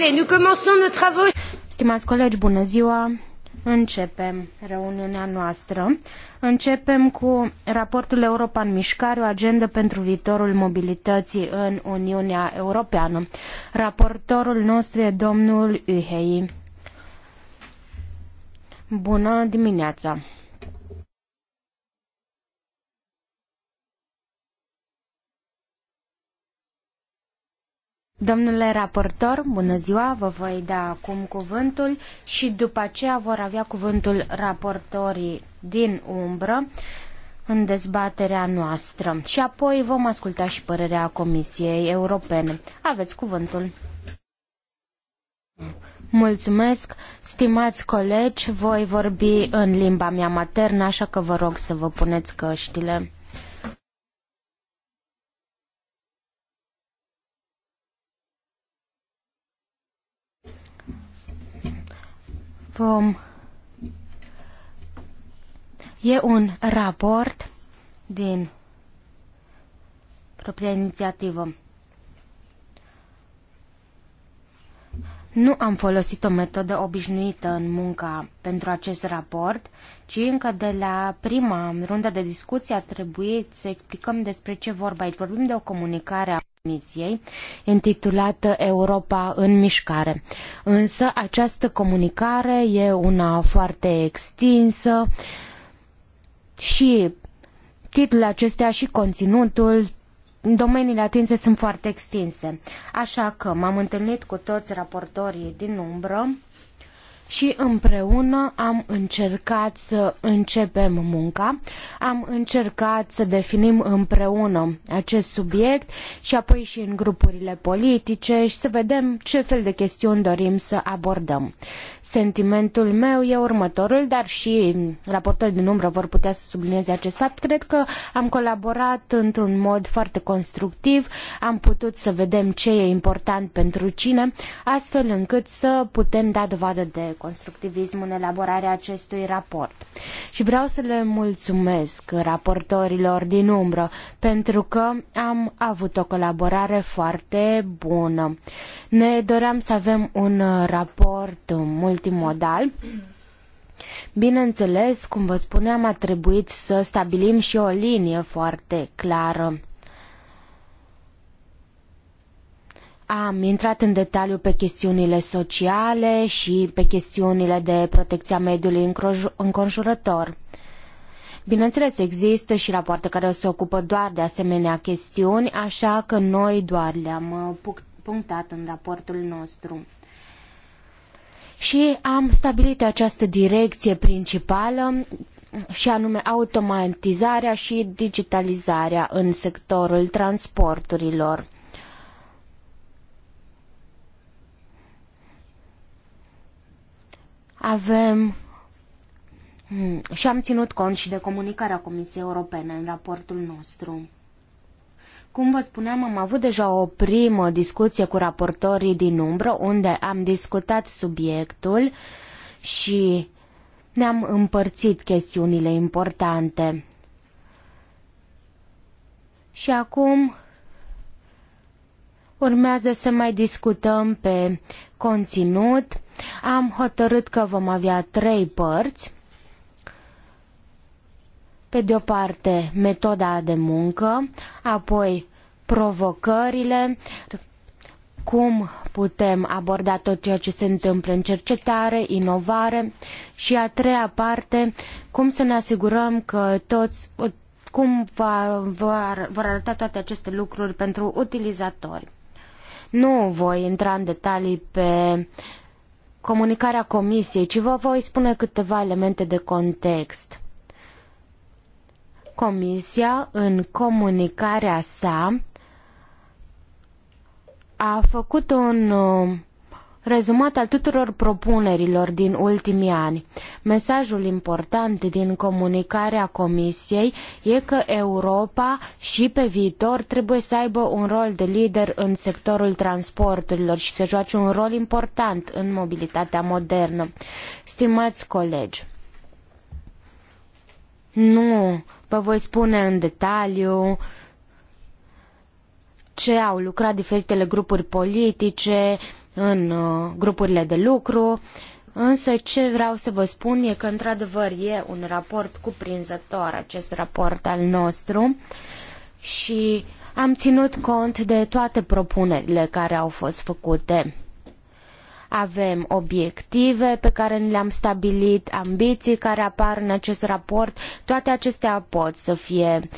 Allez, nous commençons nos travaux. Stimați colegi, bună ziua! Începem reuniunea noastră. Începem cu raportul Europa în mișcare, o agendă pentru viitorul mobilității în Uniunea Europeană. Raportorul nostru e domnul Uhei. Bună dimineața! Domnule raportor, bună ziua, vă voi da acum cuvântul și după aceea vor avea cuvântul raportorii din umbră în dezbaterea noastră și apoi vom asculta și părerea Comisiei Europene. Aveți cuvântul. Mulțumesc, stimați colegi, voi vorbi în limba mea maternă, așa că vă rog să vă puneți căștile. vom... E un raport din propria inițiativă. Nu am folosit o metodă obișnuită în munca pentru acest raport, ci încă de la prima rundă de discuție a trebuit să explicăm despre ce vorba aici. Vorbim de o comunicare a Comisiei intitulată Europa în mișcare. Însă această comunicare e una foarte extinsă și titlul acestea și conținutul domeniile atinse sunt foarte extinse. Așa că m-am întâlnit cu toți raportorii din umbră și împreună am încercat să începem munca, am încercat să definim împreună acest subiect și apoi și în grupurile politice și să vedem ce fel de chestiuni dorim să abordăm. Sentimentul meu e următorul, dar și raportorii din umbră vor putea să sublinieze acest fapt. Cred că am colaborat într-un mod foarte constructiv, am putut să vedem ce e important pentru cine, astfel încât să putem da dovadă de constructivism în elaborarea acestui raport. Și vreau să le mulțumesc raportorilor din umbră, pentru că am avut o colaborare foarte bună. Ne doream să avem un raport multimodal. Bineînțeles, cum vă spuneam, a trebuit să stabilim și o linie foarte clară Am intrat în detaliu pe chestiunile sociale și pe chestiunile de protecția mediului înconjurător. Bineînțeles, există și rapoarte care se ocupă doar de asemenea chestiuni, așa că noi doar le-am uh, punctat în raportul nostru. Și am stabilit această direcție principală și anume automatizarea și digitalizarea în sectorul transporturilor Avem hmm, și am ținut cont și de comunicarea Comisiei Europene în raportul nostru. Cum vă spuneam, am avut deja o primă discuție cu raportorii din umbră, unde am discutat subiectul și ne-am împărțit chestiunile importante. Și acum Urmează să mai discutăm pe conținut. Am hotărât că vom avea trei părți. Pe de o parte, metoda de muncă, apoi provocările, cum putem aborda tot ceea ce se întâmplă în cercetare, inovare și a treia parte, cum să ne asigurăm că toți, cum va, va, vor arăta toate aceste lucruri pentru utilizatori. Nu voi intra în detalii pe comunicarea comisiei, ci vă voi spune câteva elemente de context. Comisia, în comunicarea sa, a făcut un uh, rezumat al tuturor propunerilor din ultimii ani. Mesajul important din comunicarea Comisiei e că Europa și pe viitor trebuie să aibă un rol de lider în sectorul transporturilor și să joace un rol important în mobilitatea modernă. Stimați colegi, nu vă voi spune în detaliu uh, ce au lucrat diferitele grupuri politice în uh, grupurile de lucru, însă ce vreau să vă spun e că într-adevăr e un raport cuprinzător acest raport al nostru și am ținut cont de toate propunerile care au fost făcute avem obiective pe care ni le-am stabilit, ambiții care apar în acest raport, toate acestea pot să fie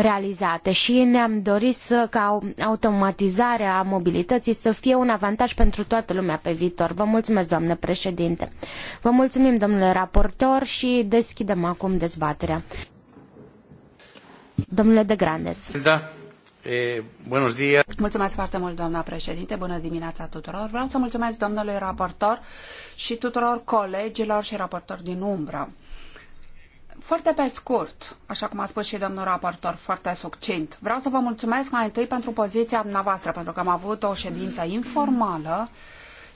realizate și ne-am dorit să, ca automatizarea mobilității să fie un avantaj pentru toată lumea pe viitor. Vă mulțumesc, doamnă președinte. Vă mulțumim, domnule raportor, și deschidem acum dezbaterea. Domnule de Grandes. Da. E, buenos días. Mulțumesc foarte mult, doamna președinte. Bună dimineața tuturor. Vreau să mulțumesc domnului raportor și tuturor colegilor și raportor din umbră. Foarte pe scurt, așa cum a spus și domnul raportor, foarte succint, vreau să vă mulțumesc mai întâi pentru poziția dumneavoastră, pentru că am avut o ședință informală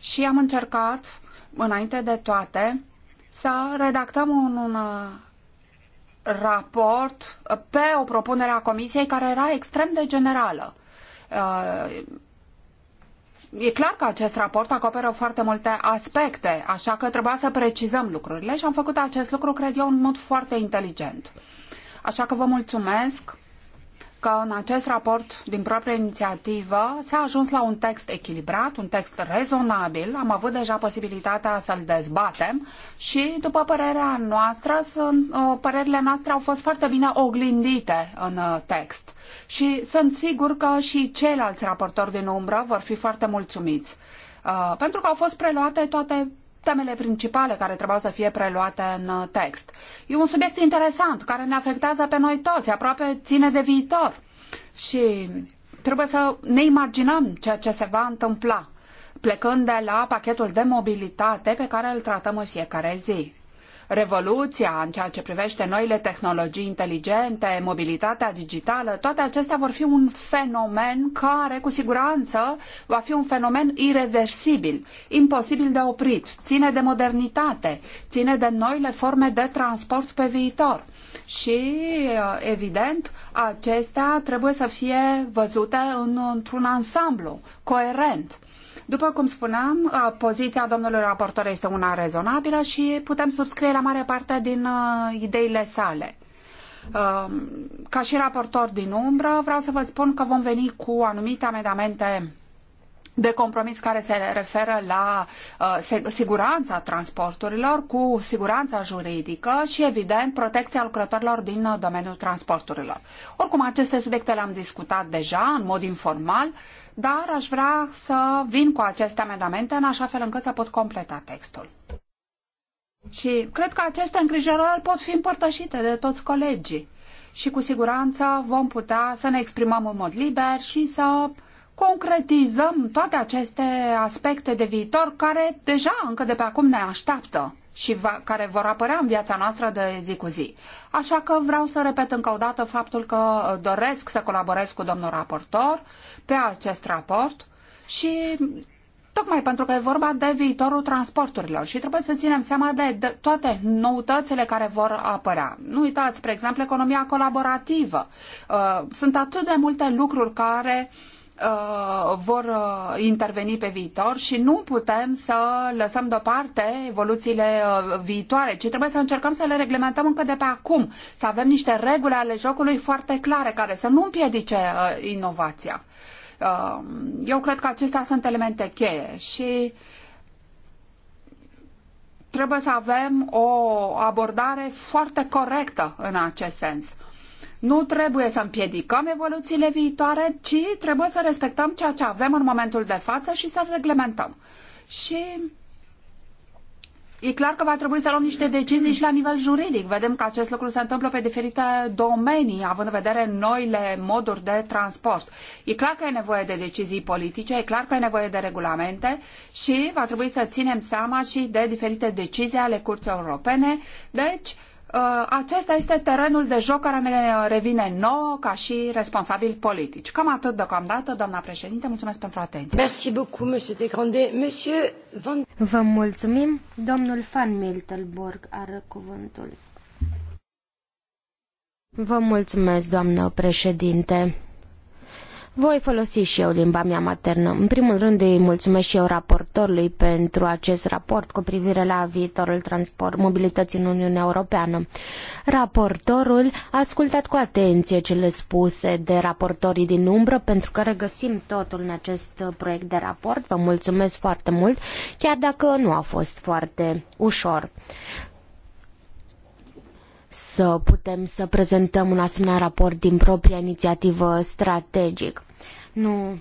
și am încercat, înainte de toate, să redactăm un, un uh, raport pe o propunere a Comisiei care era extrem de generală. Uh, E clar că acest raport acoperă foarte multe aspecte, așa că trebuia să precizăm lucrurile și am făcut acest lucru, cred eu, în mod foarte inteligent. Așa că vă mulțumesc că în acest raport din proprie inițiativă s-a ajuns la un text echilibrat, un text rezonabil. Am avut deja posibilitatea să-l dezbatem și, după părerea noastră, sunt, uh, părerile noastre au fost foarte bine oglindite în uh, text. Și sunt sigur că și ceilalți raportori din umbră vor fi foarte mulțumiți. Uh, pentru că au fost preluate toate temele principale care trebuiau să fie preluate în uh, text. E un subiect interesant care ne afectează pe noi toți, aproape ține de viitor. Și trebuie să ne imaginăm ceea ce se va întâmpla, plecând de la pachetul de mobilitate pe care îl tratăm în fiecare zi revoluția în ceea ce privește noile tehnologii inteligente, mobilitatea digitală, toate acestea vor fi un fenomen care, cu siguranță, va fi un fenomen irreversibil, imposibil de oprit, ține de modernitate, ține de noile forme de transport pe viitor. Și, evident, acestea trebuie să fie văzute într-un ansamblu coerent după cum spuneam, uh, poziția domnului raportor este una rezonabilă și putem subscrie la mare parte din uh, ideile sale. Um, ca și raportor din umbră, vreau să vă spun că vom veni cu anumite amendamente de compromis care se referă la uh, siguranța transporturilor cu siguranța juridică și, evident, protecția lucrătorilor din uh, domeniul transporturilor. Oricum, aceste subiecte le-am discutat deja în mod informal, dar aș vrea să vin cu aceste amendamente în așa fel încât să pot completa textul. Și cred că aceste îngrijorări pot fi împărtășite de toți colegii și cu siguranță vom putea să ne exprimăm în mod liber și să concretizăm toate aceste aspecte de viitor care deja încă de pe acum ne așteaptă și va, care vor apărea în viața noastră de zi cu zi. Așa că vreau să repet încă o dată faptul că uh, doresc să colaborez cu domnul raportor pe acest raport și tocmai pentru că e vorba de viitorul transporturilor și trebuie să ținem seama de, de toate noutățile care vor apărea. Nu uitați, spre exemplu, economia colaborativă. Uh, sunt atât de multe lucruri care uh, Uh, vor uh, interveni pe viitor și nu putem să lăsăm deoparte evoluțiile uh, viitoare, ci trebuie să încercăm să le reglementăm încă de pe acum, să avem niște reguli ale jocului foarte clare care să nu împiedice inovația. eu cred că acestea sunt elemente cheie și trebuie să avem o abordare foarte corectă în acest sens. Nu trebuie să împiedicăm evoluțiile viitoare, ci trebuie să respectăm ceea ce avem în momentul de față și să reglementăm. Și E clar că va trebui să luăm niște decizii și la nivel juridic. Vedem că acest lucru se întâmplă pe diferite domenii, având în vedere noile moduri de transport. E clar că e nevoie de decizii politice, e clar că e nevoie de regulamente și va trebui să ținem seama și de diferite decizii ale Curții Europene. Deci, Uh, acesta este terenul de joc care ne revine nouă ca și responsabili politici. Cam atât deocamdată, doamna președinte. Mulțumesc pentru atenție. Merci beaucoup, monsieur de Grande. Monsieur Van... Vă mulțumim. Domnul Van Miltelborg are cuvântul. Vă mulțumesc, doamnă președinte. Voi folosi și eu limba mea maternă. În primul rând îi mulțumesc și eu raportorului pentru acest raport cu privire la viitorul transport mobilității în Uniunea Europeană. Raportorul a ascultat cu atenție cele spuse de raportorii din umbră pentru că regăsim totul în acest proiect de raport. Vă mulțumesc foarte mult, chiar dacă nu a fost foarte ușor să putem să prezentăm un asemenea raport din propria inițiativă strategic. Nu.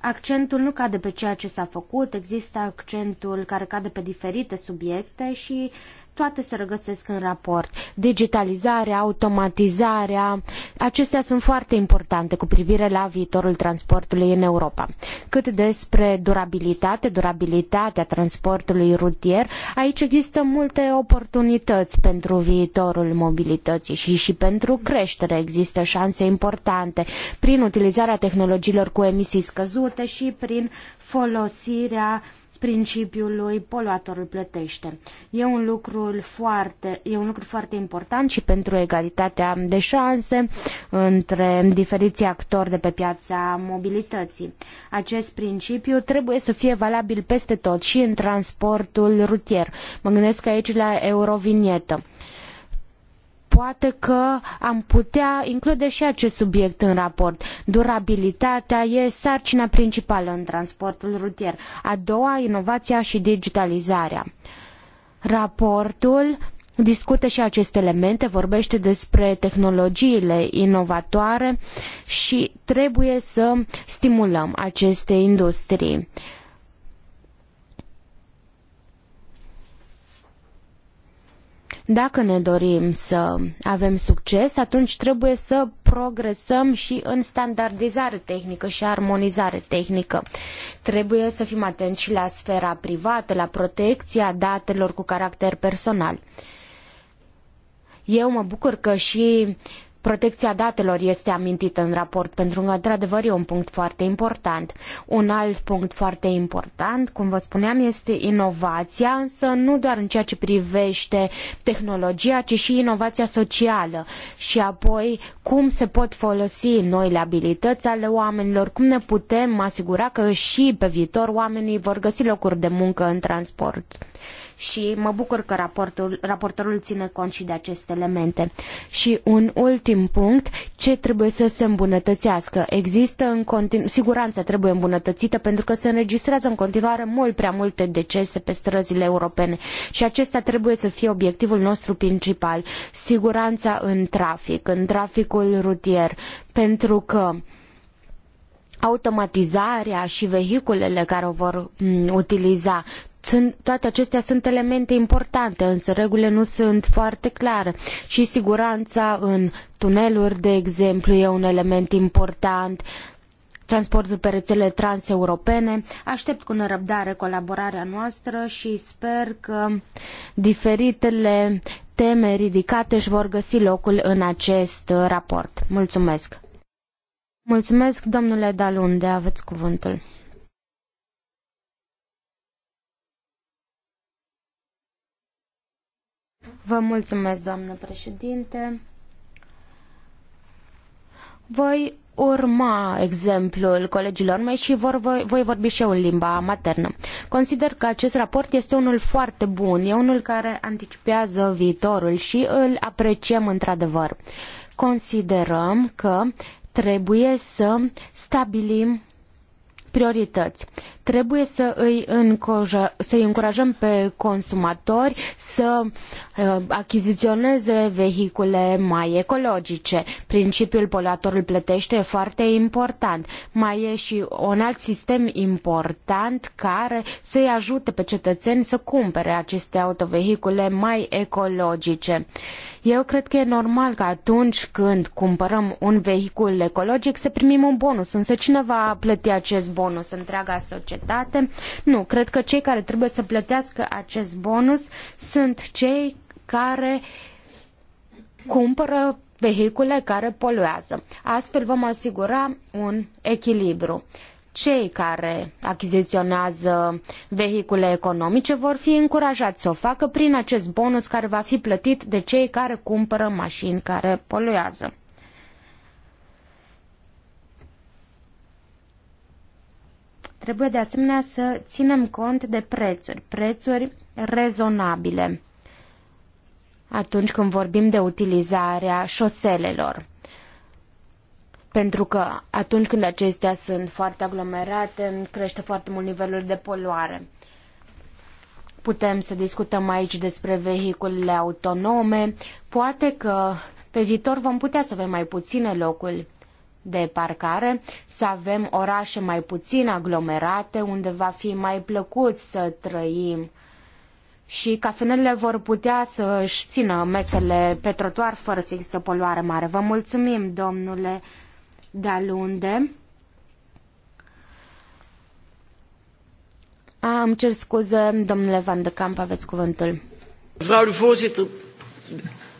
Accentul nu cade pe ceea ce s-a făcut, există accentul care cade pe diferite subiecte și uh, toate se regăsesc în raport. Digitalizarea, automatizarea, acestea sunt foarte importante cu privire la viitorul transportului în Europa. Cât despre durabilitate, durabilitatea transportului rutier, aici există multe oportunități pentru viitorul mobilității și și pentru creștere există șanse importante prin utilizarea tehnologiilor cu emisii scăzute și prin folosirea principiului poluatorul plătește. E un lucru foarte, e un lucru foarte important și pentru egalitatea de șanse între diferiții actori de pe piața mobilității. Acest principiu trebuie să fie valabil peste tot și în transportul rutier. Mă gândesc aici la Eurovinietă poate că am putea include și acest subiect în raport. Durabilitatea e sarcina principală în transportul rutier. A doua, inovația și digitalizarea. Raportul discută și aceste elemente, vorbește despre tehnologiile inovatoare și trebuie să stimulăm aceste industrii. Dacă ne dorim să avem succes, atunci trebuie să progresăm și în standardizare tehnică și armonizare tehnică. Trebuie să fim atenți și la sfera privată, la protecția datelor cu caracter personal. Eu mă bucur că și uh, Protecția datelor este amintită în raport pentru că, într-adevăr, e un punct foarte important. Un alt punct foarte important, cum vă spuneam, este inovația, însă nu doar în ceea ce privește tehnologia, ci și inovația socială și apoi cum se pot folosi noile abilități ale oamenilor, cum ne putem asigura că și pe viitor oamenii vor găsi locuri de muncă în transport și mă bucur că raportul, raportorul ține cont și de aceste elemente. Și un ultim punct, ce trebuie să se îmbunătățească? Există în continu- siguranța trebuie îmbunătățită pentru că se înregistrează în continuare mult prea multe decese pe străzile europene și acesta trebuie să fie obiectivul nostru principal, siguranța în trafic, în traficul rutier, pentru că automatizarea și vehiculele care o vor utiliza sunt, toate acestea sunt elemente importante, însă regulile nu sunt foarte clare și siguranța în tuneluri, de exemplu, e un element important, transportul pe rețele transeuropene. Aștept cu nerăbdare colaborarea noastră și sper că diferitele teme ridicate își vor găsi locul în acest raport. Mulțumesc! Mulțumesc, domnule Dalunde, aveți cuvântul. Vă mulțumesc, doamnă președinte. Voi urma exemplul colegilor mei și vor, voi, voi vorbi și eu în limba maternă. Consider că acest raport este unul foarte bun, e unul care anticipează viitorul și îl apreciem într-adevăr. Considerăm că trebuie să stabilim priorități. Trebuie să îi, încoja, să îi încurajăm pe consumatori să uh, achiziționeze vehicule mai ecologice. Principiul poluatorul plătește e foarte important. Mai e și un alt sistem important care să-i ajute pe cetățeni să cumpere aceste autovehicule mai ecologice. Eu cred că e normal că atunci când cumpărăm un vehicul ecologic să primim un bonus, însă cine va plăti acest bonus? Întreaga societate? Nu, cred că cei care trebuie să plătească acest bonus sunt cei care cumpără vehicule care poluează. Astfel vom asigura un echilibru cei care achiziționează vehicule economice vor fi încurajați să o facă prin acest bonus care va fi plătit de cei care cumpără mașini care poluează. Trebuie de asemenea să ținem cont de prețuri, prețuri rezonabile atunci când vorbim de utilizarea șoselelor pentru că atunci când acestea sunt foarte aglomerate, crește foarte mult nivelul de poluare. Putem să discutăm aici despre vehiculele autonome. Poate că pe viitor vom putea să avem mai puține locuri de parcare, să avem orașe mai puțin aglomerate, unde va fi mai plăcut să trăim și cafenelele vor putea să își țină mesele pe trotuar fără să existe o poluare mare. Vă mulțumim, domnule Dalunde. A, îmi cer scuze, domnule Van de Camp, aveți cuvântul. Mevrouw de voorzitter,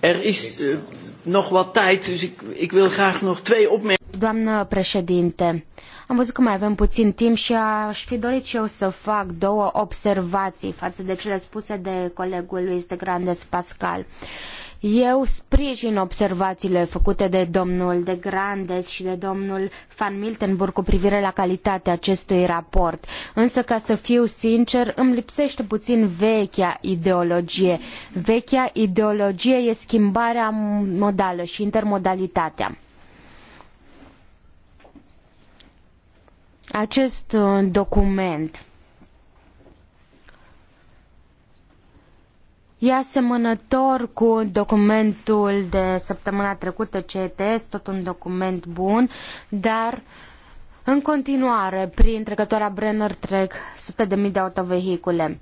er is uh, nog wat tijd, dus ik, ik wil graag nog twee opmerkingen. Doamnă președinte, am văzut că mai avem puțin timp și aș fi dorit și eu să fac două observații față de cele spuse de colegul lui de Grandes Pascal. Eu sprijin observațiile făcute de domnul de Grandes și de domnul Van Miltenburg cu privire la calitatea acestui raport. Însă, ca să fiu sincer, îmi lipsește puțin vechea ideologie. Vechea ideologie e schimbarea modală și intermodalitatea. Acest uh, document E asemănător cu documentul de săptămâna trecută CETS, tot un document bun, dar în continuare, prin trecătoarea Brenner trec sute de mii de autovehicule.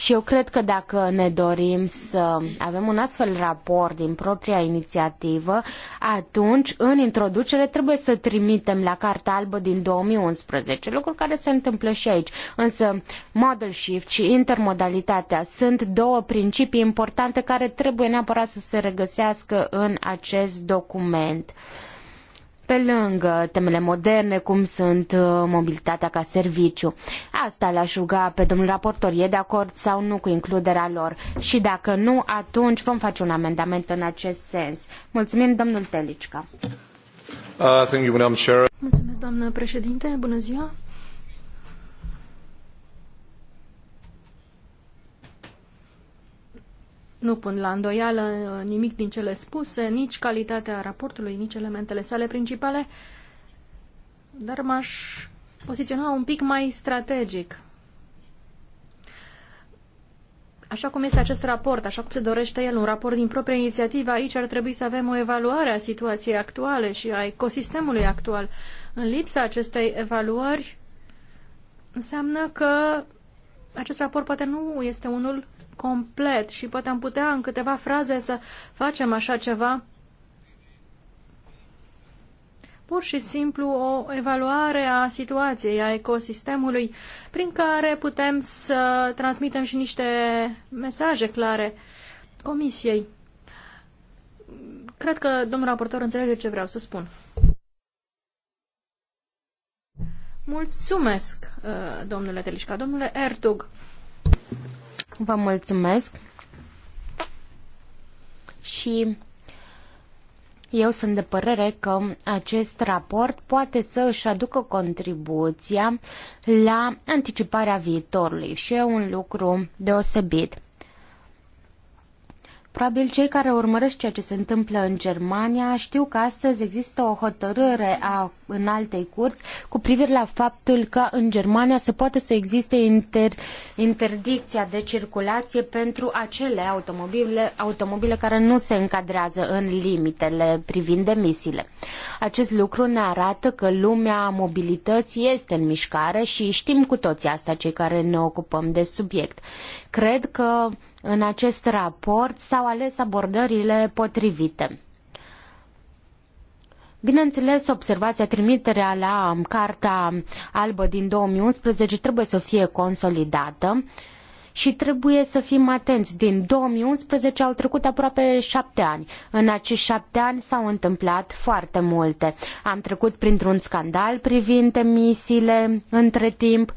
Și eu cred că dacă ne dorim să avem un astfel raport din propria inițiativă, atunci, în introducere, trebuie să trimitem la Carta Albă din 2011, lucru care se întâmplă și aici. Însă, model shift și intermodalitatea sunt două principii importante care trebuie neapărat să se regăsească în acest document. Uh, pe lângă temele moderne, cum sunt uh, mobilitatea ca serviciu. Asta l-aș ruga pe domnul raportor, e de acord sau nu cu includerea lor? Și dacă nu, atunci vom face un amendament în acest sens. Mulțumim, domnul Telicca. Uh, thank you, Mulțumesc, doamnă președinte. Bună ziua. Nu pun la îndoială uh, nimic din cele spuse, nici calitatea raportului, nici elementele sale principale, dar m-aș poziționa un pic mai strategic. Așa cum este acest raport, așa cum se dorește el, un raport din propria inițiativă, aici ar trebui să avem o evaluare a situației actuale și a ecosistemului actual. În lipsa acestei evaluări, înseamnă că acest raport poate nu este unul complet și poate am putea în câteva fraze să facem așa ceva. Pur și simplu o evaluare a situației, a ecosistemului, prin care putem să transmitem și niște mesaje clare Comisiei. Cred că domnul raportor înțelege ce vreau să spun. Mulțumesc, uh, domnule Telișca. Domnule Ertug. Vă mulțumesc. Și eu sunt de părere că acest raport poate să își aducă contribuția la anticiparea viitorului și e un lucru deosebit. Probabil cei care urmăresc ceea ce se întâmplă în Germania știu că astăzi există o hotărâre a altei curți cu privire la faptul că în Germania se poate să existe inter, interdicția de circulație pentru acele automobile, automobile care nu se încadrează în limitele privind emisiile. Acest lucru ne arată că lumea mobilității este în mișcare și știm cu toții asta cei care ne ocupăm de subiect Cred că în acest raport s-au ales abordările potrivite. Bineînțeles, observația trimiterea la Carta Albă din 2011 trebuie să fie consolidată și trebuie să fim atenți. Din 2011 au trecut aproape șapte ani. În acești șapte ani s-au întâmplat foarte multe. Am trecut printr-un scandal privind emisiile între timp,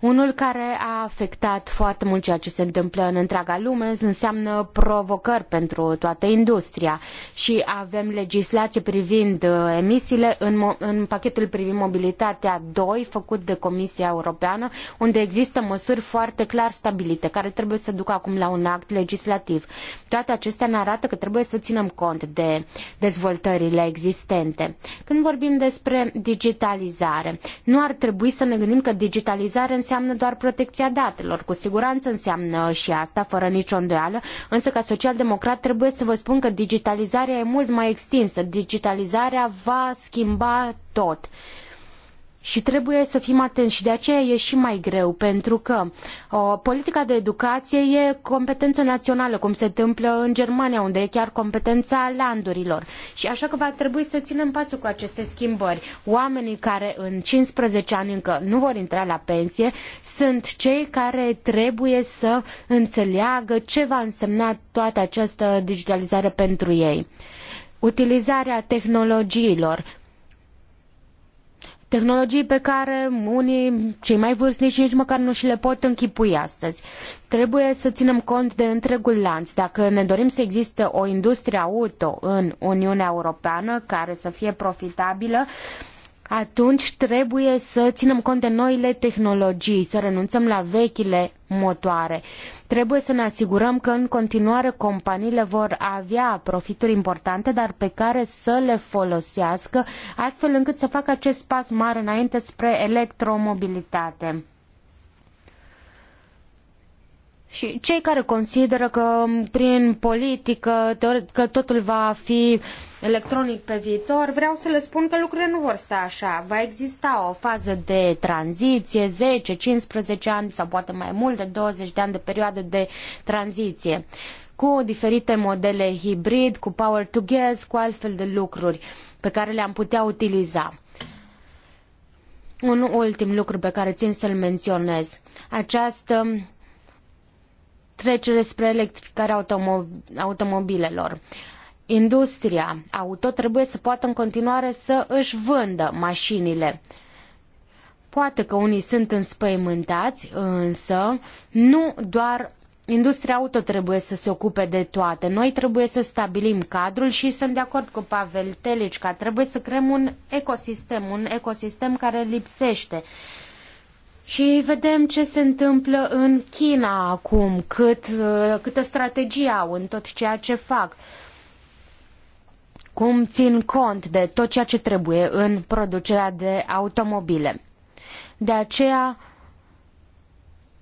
unul care a afectat foarte mult ceea ce se întâmplă în întreaga lume înseamnă provocări pentru toată industria și avem legislație privind uh, emisiile în, în pachetul privind mobilitatea 2 făcut de Comisia Europeană, unde există măsuri foarte clar stabilite care trebuie să ducă acum la un act legislativ. Toate acestea ne arată că trebuie să ținem cont de dezvoltările existente. Când vorbim despre digitalizare, nu ar trebui să ne gândim că digitalizarea înseamnă doar protecția datelor, cu siguranță înseamnă și asta, fără nicio îndoială, însă ca social-democrat trebuie să vă spun că digitalizarea e mult mai extinsă, digitalizarea va schimba tot și trebuie să fim atenți și de aceea e și mai greu, pentru că o, politica de educație e competență națională, cum se întâmplă în Germania, unde e chiar competența landurilor. Și așa că va trebui să ținem pasul cu aceste schimbări. Oamenii care în 15 ani încă nu vor intra la pensie sunt cei care trebuie să înțeleagă ce va însemna toată această digitalizare pentru ei utilizarea tehnologiilor, Tehnologii pe care unii, cei mai vârstnici, nici măcar nu și le pot închipui astăzi. Trebuie să ținem cont de întregul lanț. Dacă ne dorim să existe o industrie auto în Uniunea Europeană care să fie profitabilă, atunci trebuie să ținem cont de noile tehnologii, să renunțăm la vechile motoare. Uh, Trebuie să ne asigurăm că în continuare companiile vor avea profituri importante, dar pe care să le folosească, astfel încât să facă acest pas mare înainte spre electromobilitate. Și cei care consideră că prin politică, teoretic, că totul va fi electronic pe viitor, vreau să le spun că lucrurile nu vor sta așa. Va exista o fază de tranziție, 10-15 ani sau poate mai mult de 20 de ani de perioadă de tranziție cu diferite modele hibrid, cu power to gas, cu altfel de lucruri pe care le-am putea utiliza. Un ultim lucru pe care țin să-l menționez. Această trecere spre electrificarea automo- automobilelor. Industria auto trebuie să poată în continuare să își vândă mașinile. Poate că unii sunt înspăimântați, însă nu doar industria auto trebuie să se ocupe de toate. Noi trebuie să stabilim cadrul și sunt de acord cu Pavel Telici că trebuie să creăm un ecosistem, un ecosistem care lipsește și vedem ce se întâmplă în China acum, cât, uh, câtă strategie au în tot ceea ce fac, cum țin cont de tot ceea ce trebuie în producerea de automobile. De aceea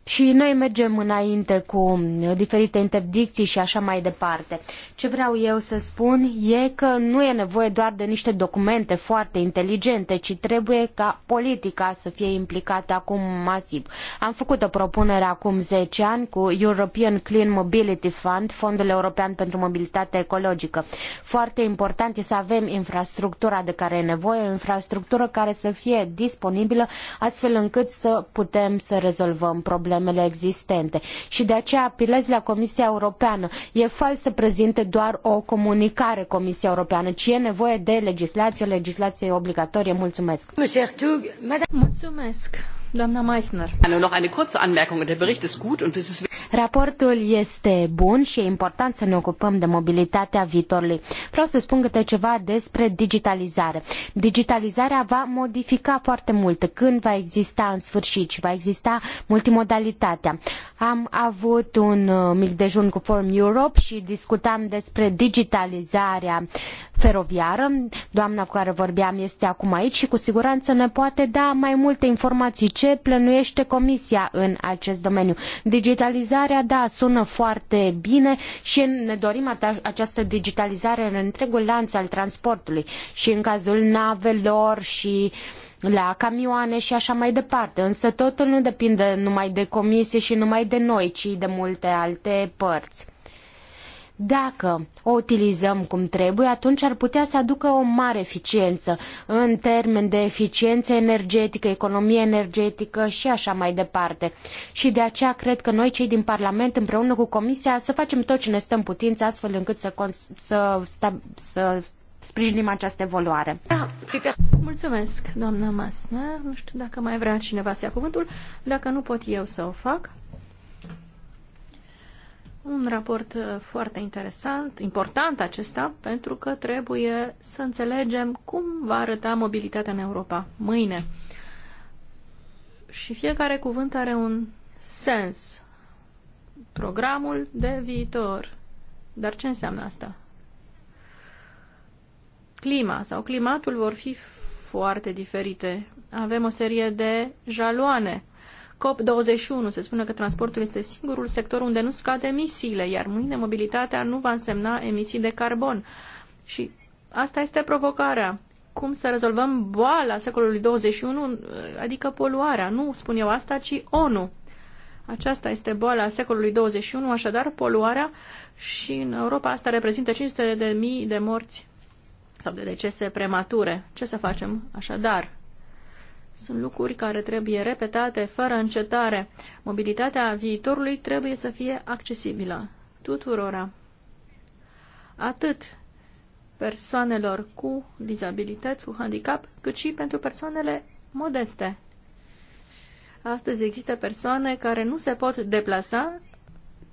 și noi mergem înainte cu diferite interdicții și așa mai departe. Ce vreau eu să spun e că nu e nevoie doar de niște documente foarte inteligente, ci trebuie ca politica să fie implicată acum masiv. Am făcut o propunere acum zece ani cu European Clean Mobility Fund, Fondul European pentru Mobilitate Ecologică. Foarte important e să avem infrastructura de care e nevoie, o infrastructură care să fie disponibilă astfel încât să putem să rezolvăm probleme problemele existente și de aceea apelez la Comisia Europeană. E fals să prezinte doar o comunicare Comisia Europeană, ci e nevoie de legislație, o legislație obligatorie. Mulțumesc! Mulțumesc! Doamna Meissner. Noch eine kurze Anmerkung. Der Bericht ist gut und es ist Raportul este bun și e important să ne ocupăm de mobilitatea viitorului. Vreau să spun câte ceva despre digitalizare. Digitalizarea va modifica foarte mult când va exista în sfârșit și va exista multimodalitatea. Am avut un uh, mic dejun cu Forum Europe și discutam despre digitalizarea feroviară. Doamna cu care vorbeam este acum aici și cu siguranță ne poate da mai multe informații ce ce plănuiește Comisia în acest domeniu. Digitalizarea, da, sună foarte bine și ne dorim această digitalizare în întregul lanț al transportului și în cazul navelor și la camioane și așa mai departe. Însă totul nu depinde numai de comisie și numai de noi, ci de multe alte părți. Dacă o utilizăm cum trebuie, atunci ar putea să aducă o mare eficiență în termen de eficiență energetică, economie energetică și așa mai departe. Și de aceea cred că noi, cei din Parlament, împreună cu Comisia, să facem tot ce ne stă în putință astfel încât să, să, să sprijinim această evoluare. Da, Mulțumesc, doamna Masner. Nu știu dacă mai vrea cineva să ia cuvântul. Dacă nu pot eu să o fac, un raport uh, foarte interesant, important acesta, pentru că trebuie să înțelegem cum va arăta mobilitatea în Europa mâine. Și fiecare cuvânt are un sens. Programul de viitor. Dar ce înseamnă asta? Clima sau climatul vor fi foarte diferite. Avem o serie de jaloane COP21 se spune că transportul este singurul sector unde nu scad emisiile, iar mâine mobilitatea nu va însemna emisii de carbon. Și asta este provocarea. Cum să rezolvăm boala secolului 21, adică poluarea. Nu spun eu asta, ci ONU. Aceasta este boala secolului 21, așadar poluarea și în Europa asta reprezintă 500 de mii de morți sau de decese premature. Ce să facem așadar? Sunt lucruri care trebuie repetate fără încetare. Mobilitatea viitorului trebuie să fie accesibilă tuturora. Atât persoanelor cu dizabilități, cu handicap, cât și pentru persoanele modeste. Astăzi există persoane care nu se pot deplasa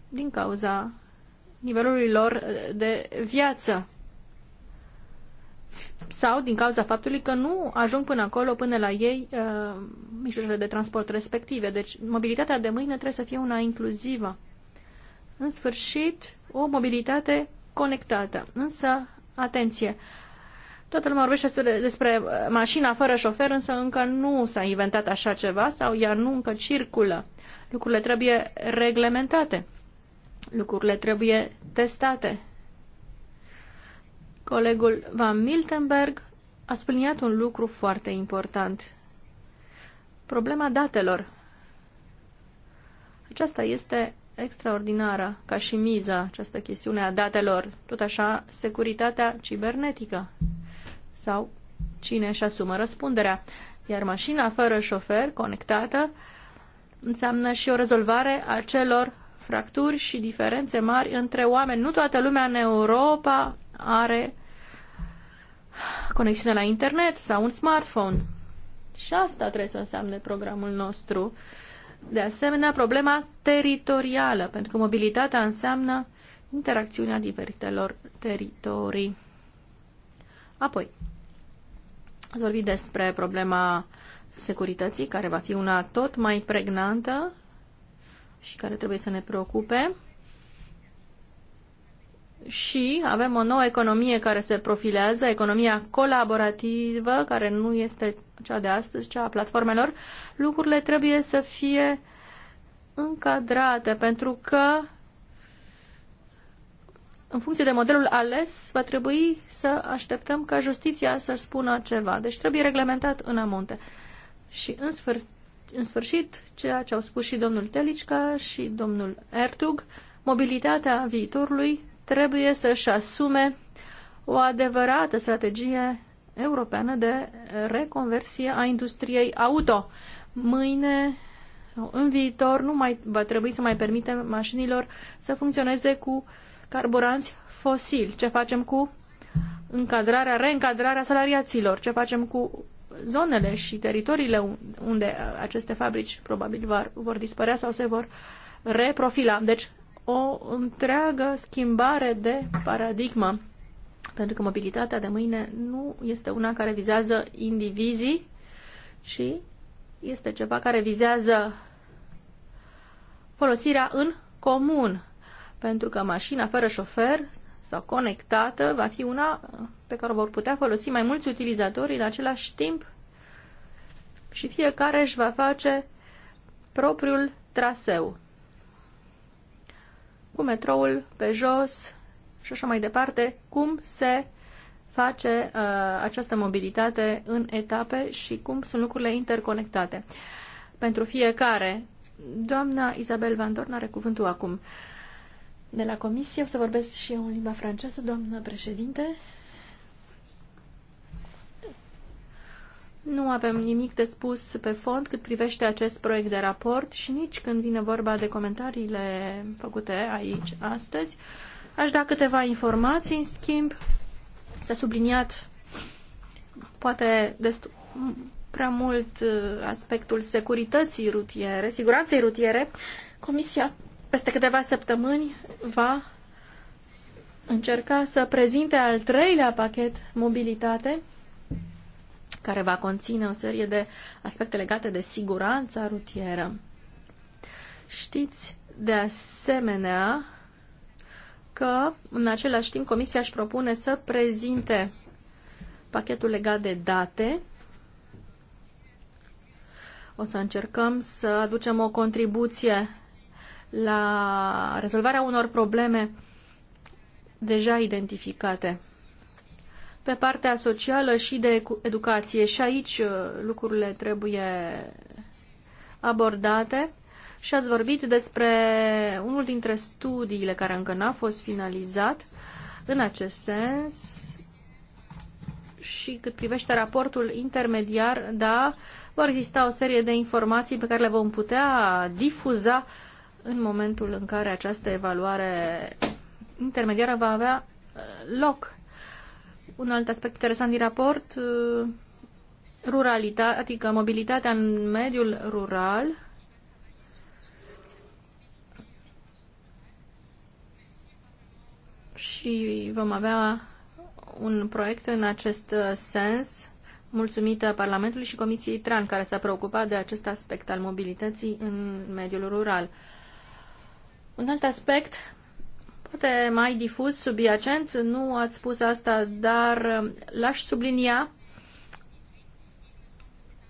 din cauza nivelului lor de viață sau din cauza faptului că nu ajung până acolo, până la ei, uh, mijloacele de transport respective. Deci mobilitatea de mâine trebuie să fie una inclusivă. În sfârșit, o mobilitate conectată. Însă, atenție, toată lumea vorbește despre uh, mașina fără șofer, însă încă nu s-a inventat așa ceva sau ea nu încă circulă. Lucrurile trebuie reglementate. Lucrurile trebuie testate Colegul Van Miltenberg a subliniat un lucru foarte important. Problema datelor. Aceasta este extraordinară ca și miza, această chestiune a datelor, tot așa securitatea cibernetică sau cine își asumă răspunderea. Iar mașina fără șofer, conectată, înseamnă și o rezolvare a celor fracturi și diferențe mari între oameni. Nu toată lumea în Europa are conexiune la internet sau un smartphone. Și asta trebuie să înseamnă programul nostru. De asemenea, problema teritorială, pentru că mobilitatea înseamnă interacțiunea diferitelor teritorii. Apoi, ați vorbit despre problema securității, care va fi una tot mai pregnantă și care trebuie să ne preocupe și avem o nouă economie care se profilează, economia colaborativă, care nu este cea de astăzi, cea a platformelor, lucrurile trebuie să fie încadrate, pentru că în funcție de modelul ales, va trebui să așteptăm ca justiția să spună ceva. Deci trebuie reglementat în amonte. Și în, sfâr- în sfârșit, ceea ce au spus și domnul Telicca și domnul Ertug, mobilitatea viitorului trebuie să-și asume o adevărată strategie europeană de reconversie a industriei auto. Mâine, în viitor, nu mai va trebui să mai permitem mașinilor să funcționeze cu carburanți fosili. Ce facem cu încadrarea, reîncadrarea salariaților? Ce facem cu zonele și teritoriile unde aceste fabrici probabil vor, vor dispărea sau se vor reprofila? Deci, o întreagă schimbare de paradigmă, pentru că mobilitatea de mâine nu este una care vizează indivizii, ci este ceva care vizează folosirea în comun, pentru că mașina fără șofer sau conectată va fi una pe care o vor putea folosi mai mulți utilizatori în același timp și fiecare își va face propriul traseu cu metroul pe jos și așa mai departe, cum se face uh, această mobilitate în etape și cum sunt lucrurile interconectate. Pentru fiecare, doamna Isabel Van Dorn are cuvântul acum. De la comisie o să vorbesc și eu în limba franceză, doamnă președinte. Nu avem nimic de spus pe fond cât privește acest proiect de raport și nici când vine vorba de comentariile făcute aici astăzi. Aș da câteva informații, în schimb, s-a subliniat poate destul, prea mult uh, aspectul securității rutiere, siguranței rutiere. Comisia peste câteva săptămâni va încerca să prezinte al treilea pachet mobilitate care va conține o serie de aspecte legate de siguranța rutieră. Știți, de asemenea, că în același timp Comisia își propune să prezinte pachetul legat de date. O să încercăm să aducem o contribuție la rezolvarea unor probleme deja identificate pe partea socială și de educație. Și aici uh, lucrurile trebuie abordate. Și ați vorbit despre unul dintre studiile care încă n-a fost finalizat în acest sens și cât privește raportul intermediar, da, vor exista o serie de informații pe care le vom putea difuza în momentul în care această evaluare intermediară va avea uh, loc. Un alt aspect interesant din raport, uh, ruralitatea, adică mobilitatea în mediul rural. Și vom avea un proiect în acest sens, mulțumită Parlamentului și Comisiei TRAN, care s-a preocupat de acest aspect al mobilității în mediul rural. Un alt aspect poate mai difuz, subiacent, nu ați spus asta, dar um, l-aș sublinia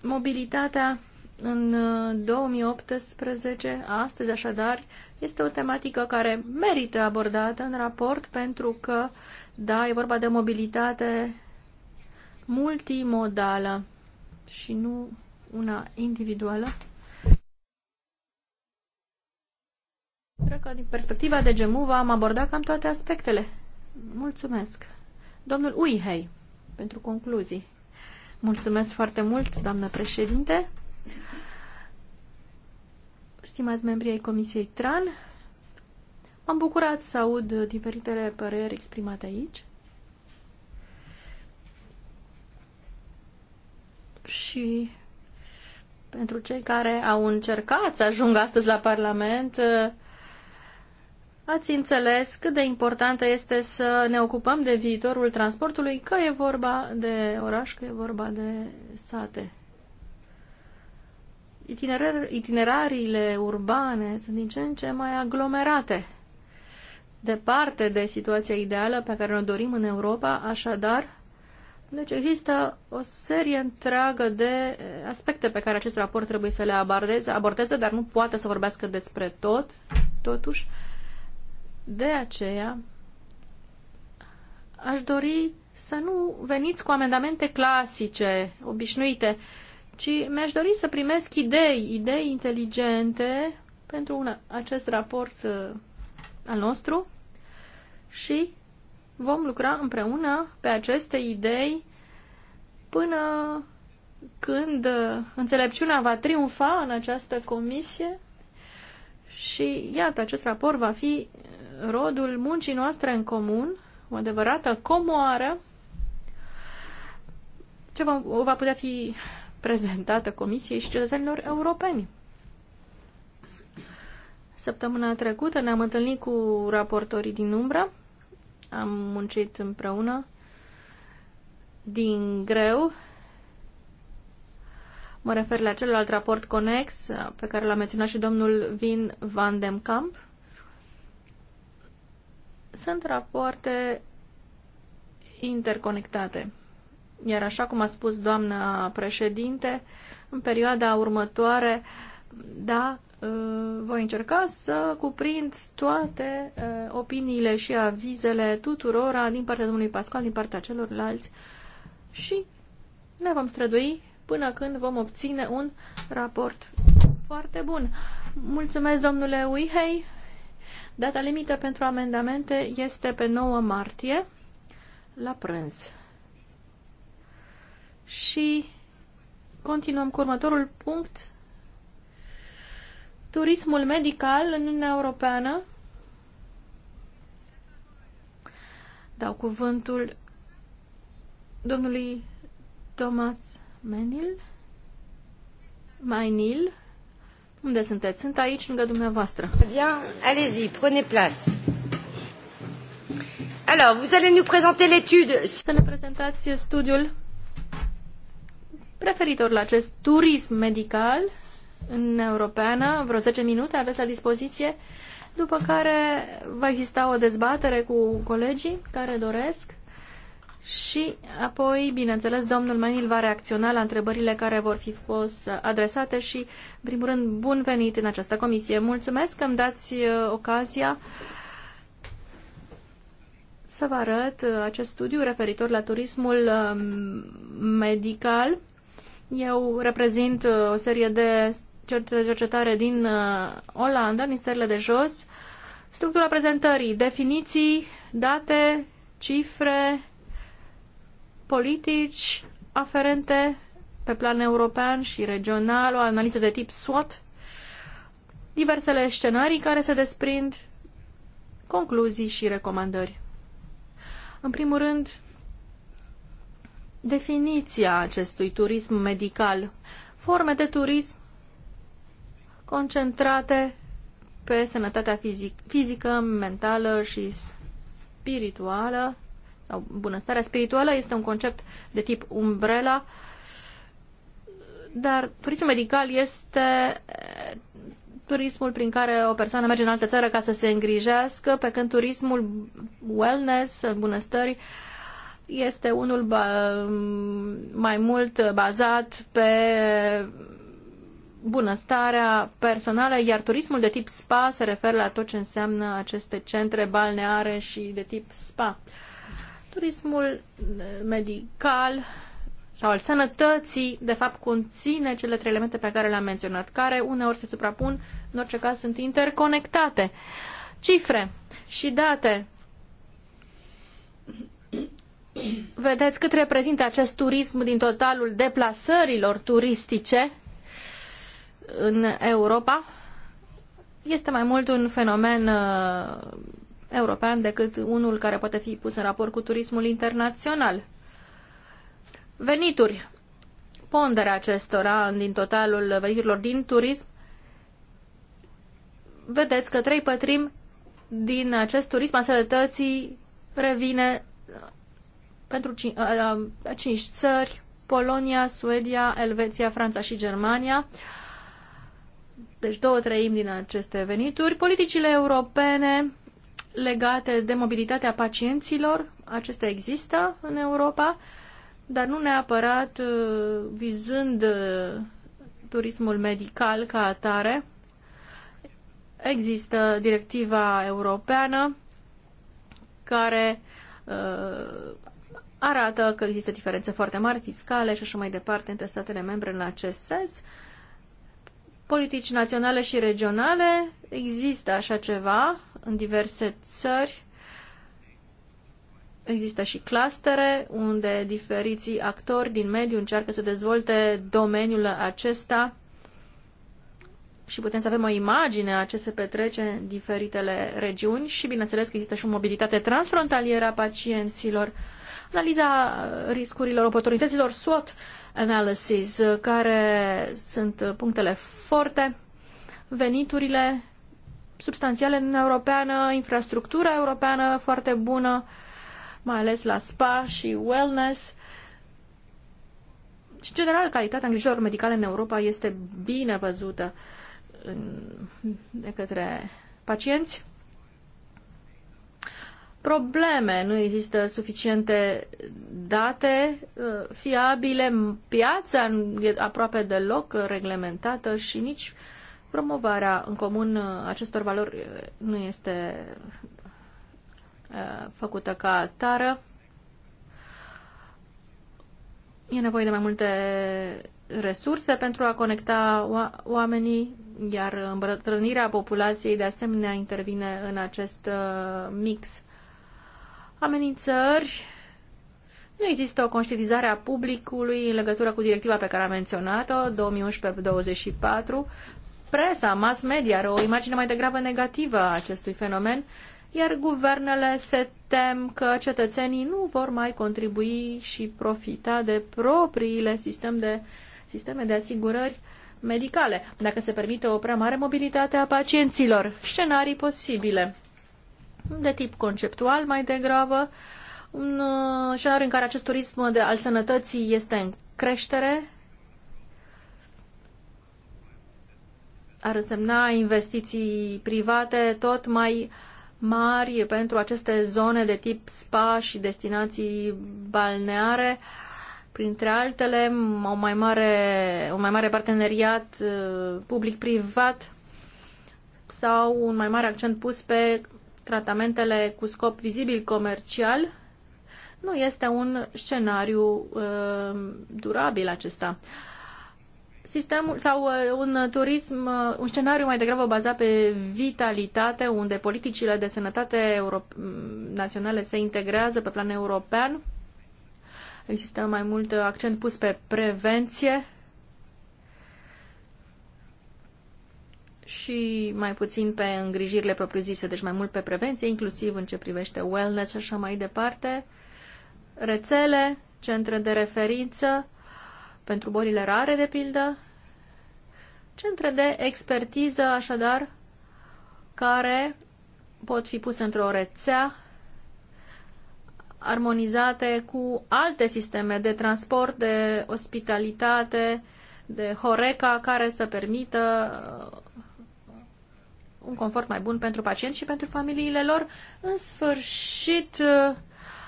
mobilitatea în 2018, uh, astăzi așadar, este o tematică care merită abordată în raport pentru că, da, e vorba de mobilitate multimodală și nu una individuală. Cred că din perspectiva de Gemuva am abordat cam toate aspectele. Mulțumesc. Domnul Uihei, pentru concluzii. Mulțumesc foarte mult, doamnă președinte. Stimați membrii ai Comisiei TRAN, m-am bucurat să aud diferitele păreri exprimate aici. Și pentru cei care au încercat să ajungă astăzi la Parlament, ați înțeles cât de importantă este să ne ocupăm de viitorul transportului, că e vorba de oraș, că e vorba de sate. Itinerar, itinerariile urbane sunt din ce în ce mai aglomerate. Departe de situația ideală pe care o dorim în Europa, așadar, deci există o serie întreagă de aspecte pe care acest raport trebuie să le abordeze, abordeze dar nu poate să vorbească despre tot, totuși. De aceea, aș dori să nu veniți cu amendamente clasice, obișnuite, ci mi-aș dori să primesc idei, idei inteligente pentru un, acest raport uh, al nostru și vom lucra împreună pe aceste idei până când uh, înțelepciunea va triumfa în această comisie și iată, acest raport va fi rodul muncii noastre în comun, o adevărată comoară, ce va, va putea fi prezentată Comisiei și cetățenilor europeni. Săptămâna trecută ne-am întâlnit cu raportorii din umbră, am muncit împreună din greu. Mă refer la celălalt raport conex pe care l-a menționat și domnul Vin Van Dem Kamp, sunt rapoarte interconectate. Iar așa cum a spus doamna președinte, în perioada următoare, da, ă, voi încerca să cuprind toate ă, opiniile și avizele tuturora din partea domnului Pascual, din partea celorlalți și ne vom strădui până când vom obține un raport foarte bun. Mulțumesc, domnule Uihei! Data limită pentru amendamente este pe 9 martie la prânz. Și continuăm cu următorul punct. Turismul medical în Uniunea Europeană. Dau cuvântul domnului Thomas Menil. Mainil unde sunteți? Sunt aici, lângă dumneavoastră. Bien, allez-y, prenez place. Alors, vous allez nous présenter l'étude. Să ne prezentați studiul preferitor la acest turism medical în Europeană. Vreo 10 minute aveți la dispoziție, după care va exista o dezbatere cu colegii care doresc și apoi, bineînțeles, domnul Menil va reacționa la întrebările care vor fi fost adresate și, în primul rând, bun venit în această comisie. Mulțumesc că îmi dați uh, ocazia să vă arăt uh, acest studiu referitor la turismul um, medical. Eu reprezint uh, o serie de cercetare din Olanda, din țările de jos. Structura prezentării, definiții, date, cifre, politici aferente pe plan european și regional, o analiză de tip SWOT, diversele scenarii care se desprind, concluzii și recomandări. În primul rând, definiția acestui turism medical, forme de turism concentrate pe sănătatea fizic, fizică, mentală și spirituală, sau bunăstarea spirituală este un concept de tip umbrela, dar turismul medical este turismul prin care o persoană merge în altă țară ca să se îngrijească, pe când turismul wellness, bunăstări, este unul mai mult bazat pe bunăstarea personală, iar turismul de tip spa se referă la tot ce înseamnă aceste centre balneare și de tip spa. Uh, Turismul eh, medical sau al sănătății, de fapt, conține cele trei elemente pe care le-am menționat, care uneori se suprapun, în orice caz sunt interconectate. Cifre și date. Vedeți cât reprezintă acest turism din totalul deplasărilor turistice în Europa? Este mai mult un fenomen eh, european decât unul care poate fi pus în raport cu turismul internațional. Venituri. Ponderea acestora din totalul veniturilor din turism. Vedeți că trei pătrim din acest turism a sănătății revine uh, pentru cinci, uh, uh, cinci țări, Polonia, Suedia, Elveția, Franța și Germania. Deci două treimi din aceste venituri. Politicile europene legate de mobilitatea pacienților, acestea există în Europa, dar nu neapărat uh, vizând uh, turismul medical ca atare. Există directiva europeană care uh, arată că există diferențe foarte mari fiscale și așa mai departe între statele membre în acest sens. Uh, politici naționale și regionale. Există așa ceva în diverse țări. Există și clustere unde diferiții actori din mediu încearcă să dezvolte domeniul acesta și putem să avem o imagine a ce se petrece în diferitele regiuni și, bineînțeles, că există și o mobilitate transfrontalieră a pacienților analiza riscurilor, oportunităților, SWOT analysis, care sunt punctele forte, veniturile substanțiale în europeană, infrastructura europeană foarte bună, mai ales la spa și wellness. Și, în general, calitatea îngrijorilor medicale în Europa este bine văzută de către pacienți probleme, nu există suficiente date uh, fiabile, piața e aproape deloc reglementată și nici promovarea în comun uh, acestor valori uh, nu este făcută ca tară. E nevoie de mai multe resurse pentru a conecta oamenii, iar îmbătrânirea populației de asemenea intervine în acest mix amenințări. Nu există o conștientizare a publicului în legătură cu directiva pe care am menționat-o, 2011-24. Presa, mass media are o imagine mai degrabă negativă a acestui fenomen, iar guvernele se tem că cetățenii nu vor mai contribui și profita de propriile sistem de, sisteme de asigurări medicale, dacă se permite o prea mare mobilitate a pacienților. Scenarii posibile de tip conceptual mai degrabă, un uh, scenariu în care acest turism de, al sănătății este în creștere, ar însemna investiții private tot mai mari pentru aceste zone de tip spa și destinații balneare. Printre altele, o mai mare, o mai mare parteneriat uh, public-privat sau un mai mare accent pus pe tratamentele cu scop vizibil comercial, nu este un scenariu uh, durabil acesta. Sistemul sau uh, un turism, uh, un scenariu mai degrabă bazat pe vitalitate, unde politicile de sănătate euro- mm, naționale se integrează pe plan european. Există mai mult uh, accent pus pe prevenție și mai puțin pe îngrijirile propriu-zise, deci mai mult pe prevenție, inclusiv în ce privește wellness și așa mai departe, rețele, centre de referință pentru bolile rare, de pildă, centre de expertiză, așadar, care pot fi puse într-o rețea armonizate cu alte sisteme de transport, de ospitalitate, de Horeca, care să permită un confort mai bun pentru pacienți și pentru familiile lor. În sfârșit,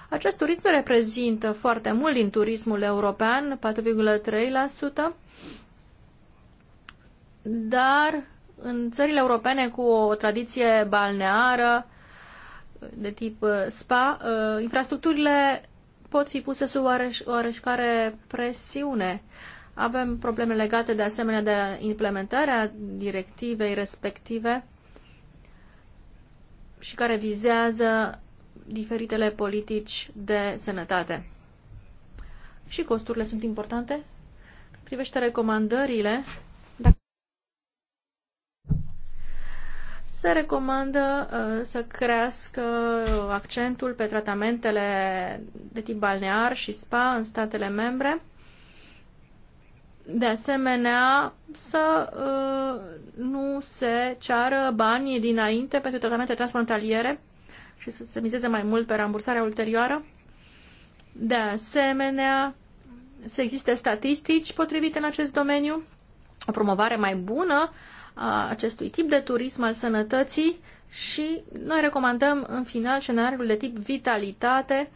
acest turism reprezintă foarte mult din turismul european, 4,3%, dar în țările europene cu o tradiție balneară de tip uh, spa, uh, infrastructurile pot fi puse sub oareșcare presiune. Avem probleme legate de asemenea de implementarea directivei respective și care vizează diferitele politici de sănătate. Și costurile sunt importante. privește recomandările, dacă se recomandă uh, să crească accentul pe tratamentele de tip balnear și spa în statele membre, de asemenea, să uh, nu se ceară bani dinainte pentru tratamente transfrontaliere și să se mizeze mai mult pe rambursarea ulterioară. De asemenea, să existe statistici potrivite în acest domeniu, o promovare mai bună a acestui tip de turism al sănătății și noi recomandăm în final scenariul de tip vitalitate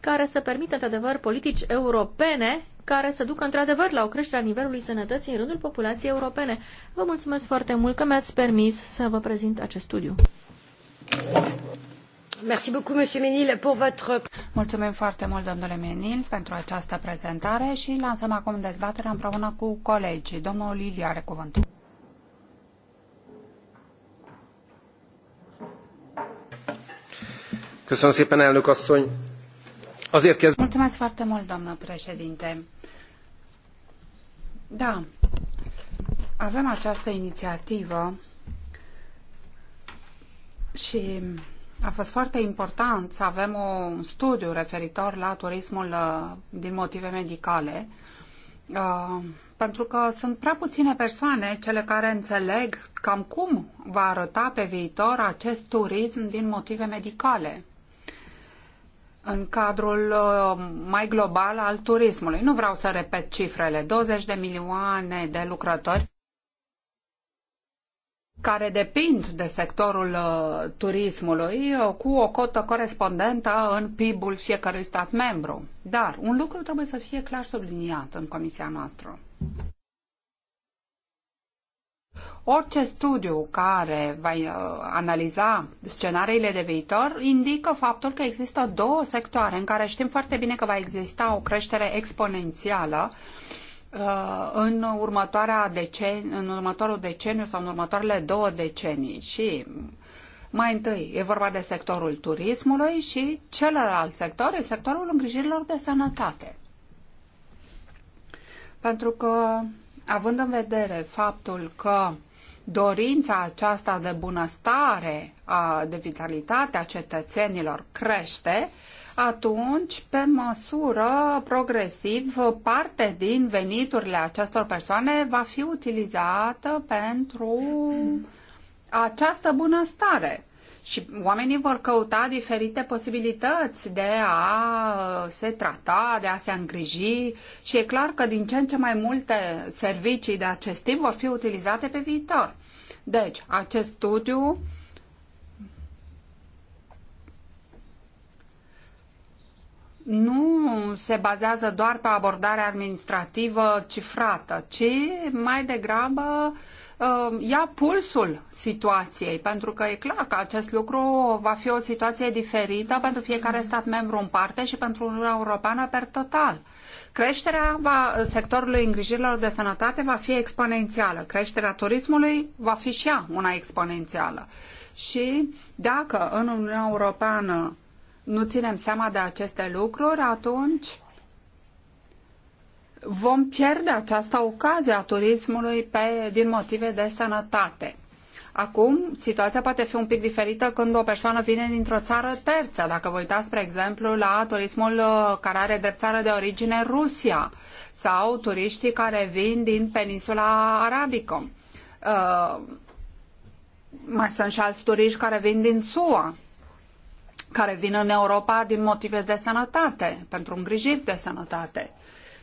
care să permită într-adevăr politici europene care să ducă într-adevăr la o creștere a nivelului sănătății în rândul populației europene. Vă mulțumesc foarte mult că mi-ați permis să vă prezint acest studiu. Mulțumim foarte mult, domnule Menil, pentru această prezentare și lansăm acum dezbaterea împreună cu colegii. Domnul Lili are cuvântul. Köszönöm szépen, elnök asszony! Mulțumesc foarte mult, doamnă președinte. Da, avem această inițiativă și a fost foarte important să avem un studiu referitor la turismul uh, din motive medicale, uh, pentru că sunt prea puține persoane cele care înțeleg cam cum va arăta pe viitor acest turism din motive medicale în cadrul uh, mai global al turismului. Nu vreau să repet cifrele. 20 de milioane de lucrători care depind de sectorul uh, turismului uh, cu o cotă corespondentă în PIB-ul fiecărui stat membru. Dar un lucru trebuie să fie clar subliniat în comisia noastră. Orice studiu care va uh, analiza scenariile de viitor indică faptul că există două sectoare în care știm foarte bine că va exista o creștere exponențială uh, în, următoarea decen- în următorul deceniu sau în următoarele două decenii. Și mai întâi e vorba de sectorul turismului și celălalt sector e sectorul îngrijirilor de sănătate. Pentru că având în vedere faptul că dorința aceasta de bunăstare, de vitalitate a cetățenilor crește, atunci, pe măsură progresiv, parte din veniturile acestor persoane va fi utilizată pentru această bunăstare și oamenii vor căuta diferite posibilități de a uh, se trata, de a se îngriji și e clar că din ce în ce mai multe servicii de acest tip vor fi utilizate pe viitor. Deci, acest studiu nu se bazează doar pe abordarea administrativă cifrată, ci mai degrabă uh, Um, ia pulsul situației, pentru că e clar că acest lucru va fi o situație diferită pentru fiecare stat membru în parte și pentru Uniunea Europeană per total. Creșterea va, sectorului îngrijirilor de sănătate va fi exponențială, creșterea turismului va fi și ea una exponențială. Și dacă în Uniunea Europeană nu ținem seama de aceste lucruri, atunci vom pierde această ocazie a turismului pe, din motive de sănătate. Acum, situația poate fi un pic diferită când o persoană vine dintr-o țară terță. Dacă vă uitați, spre exemplu, la turismul uh, care are drept țară de origine Rusia sau turiștii care vin din peninsula arabică. Uh, mai sunt și alți turiști care vin din SUA, care vin în Europa din motive de sănătate, pentru îngrijiri de sănătate.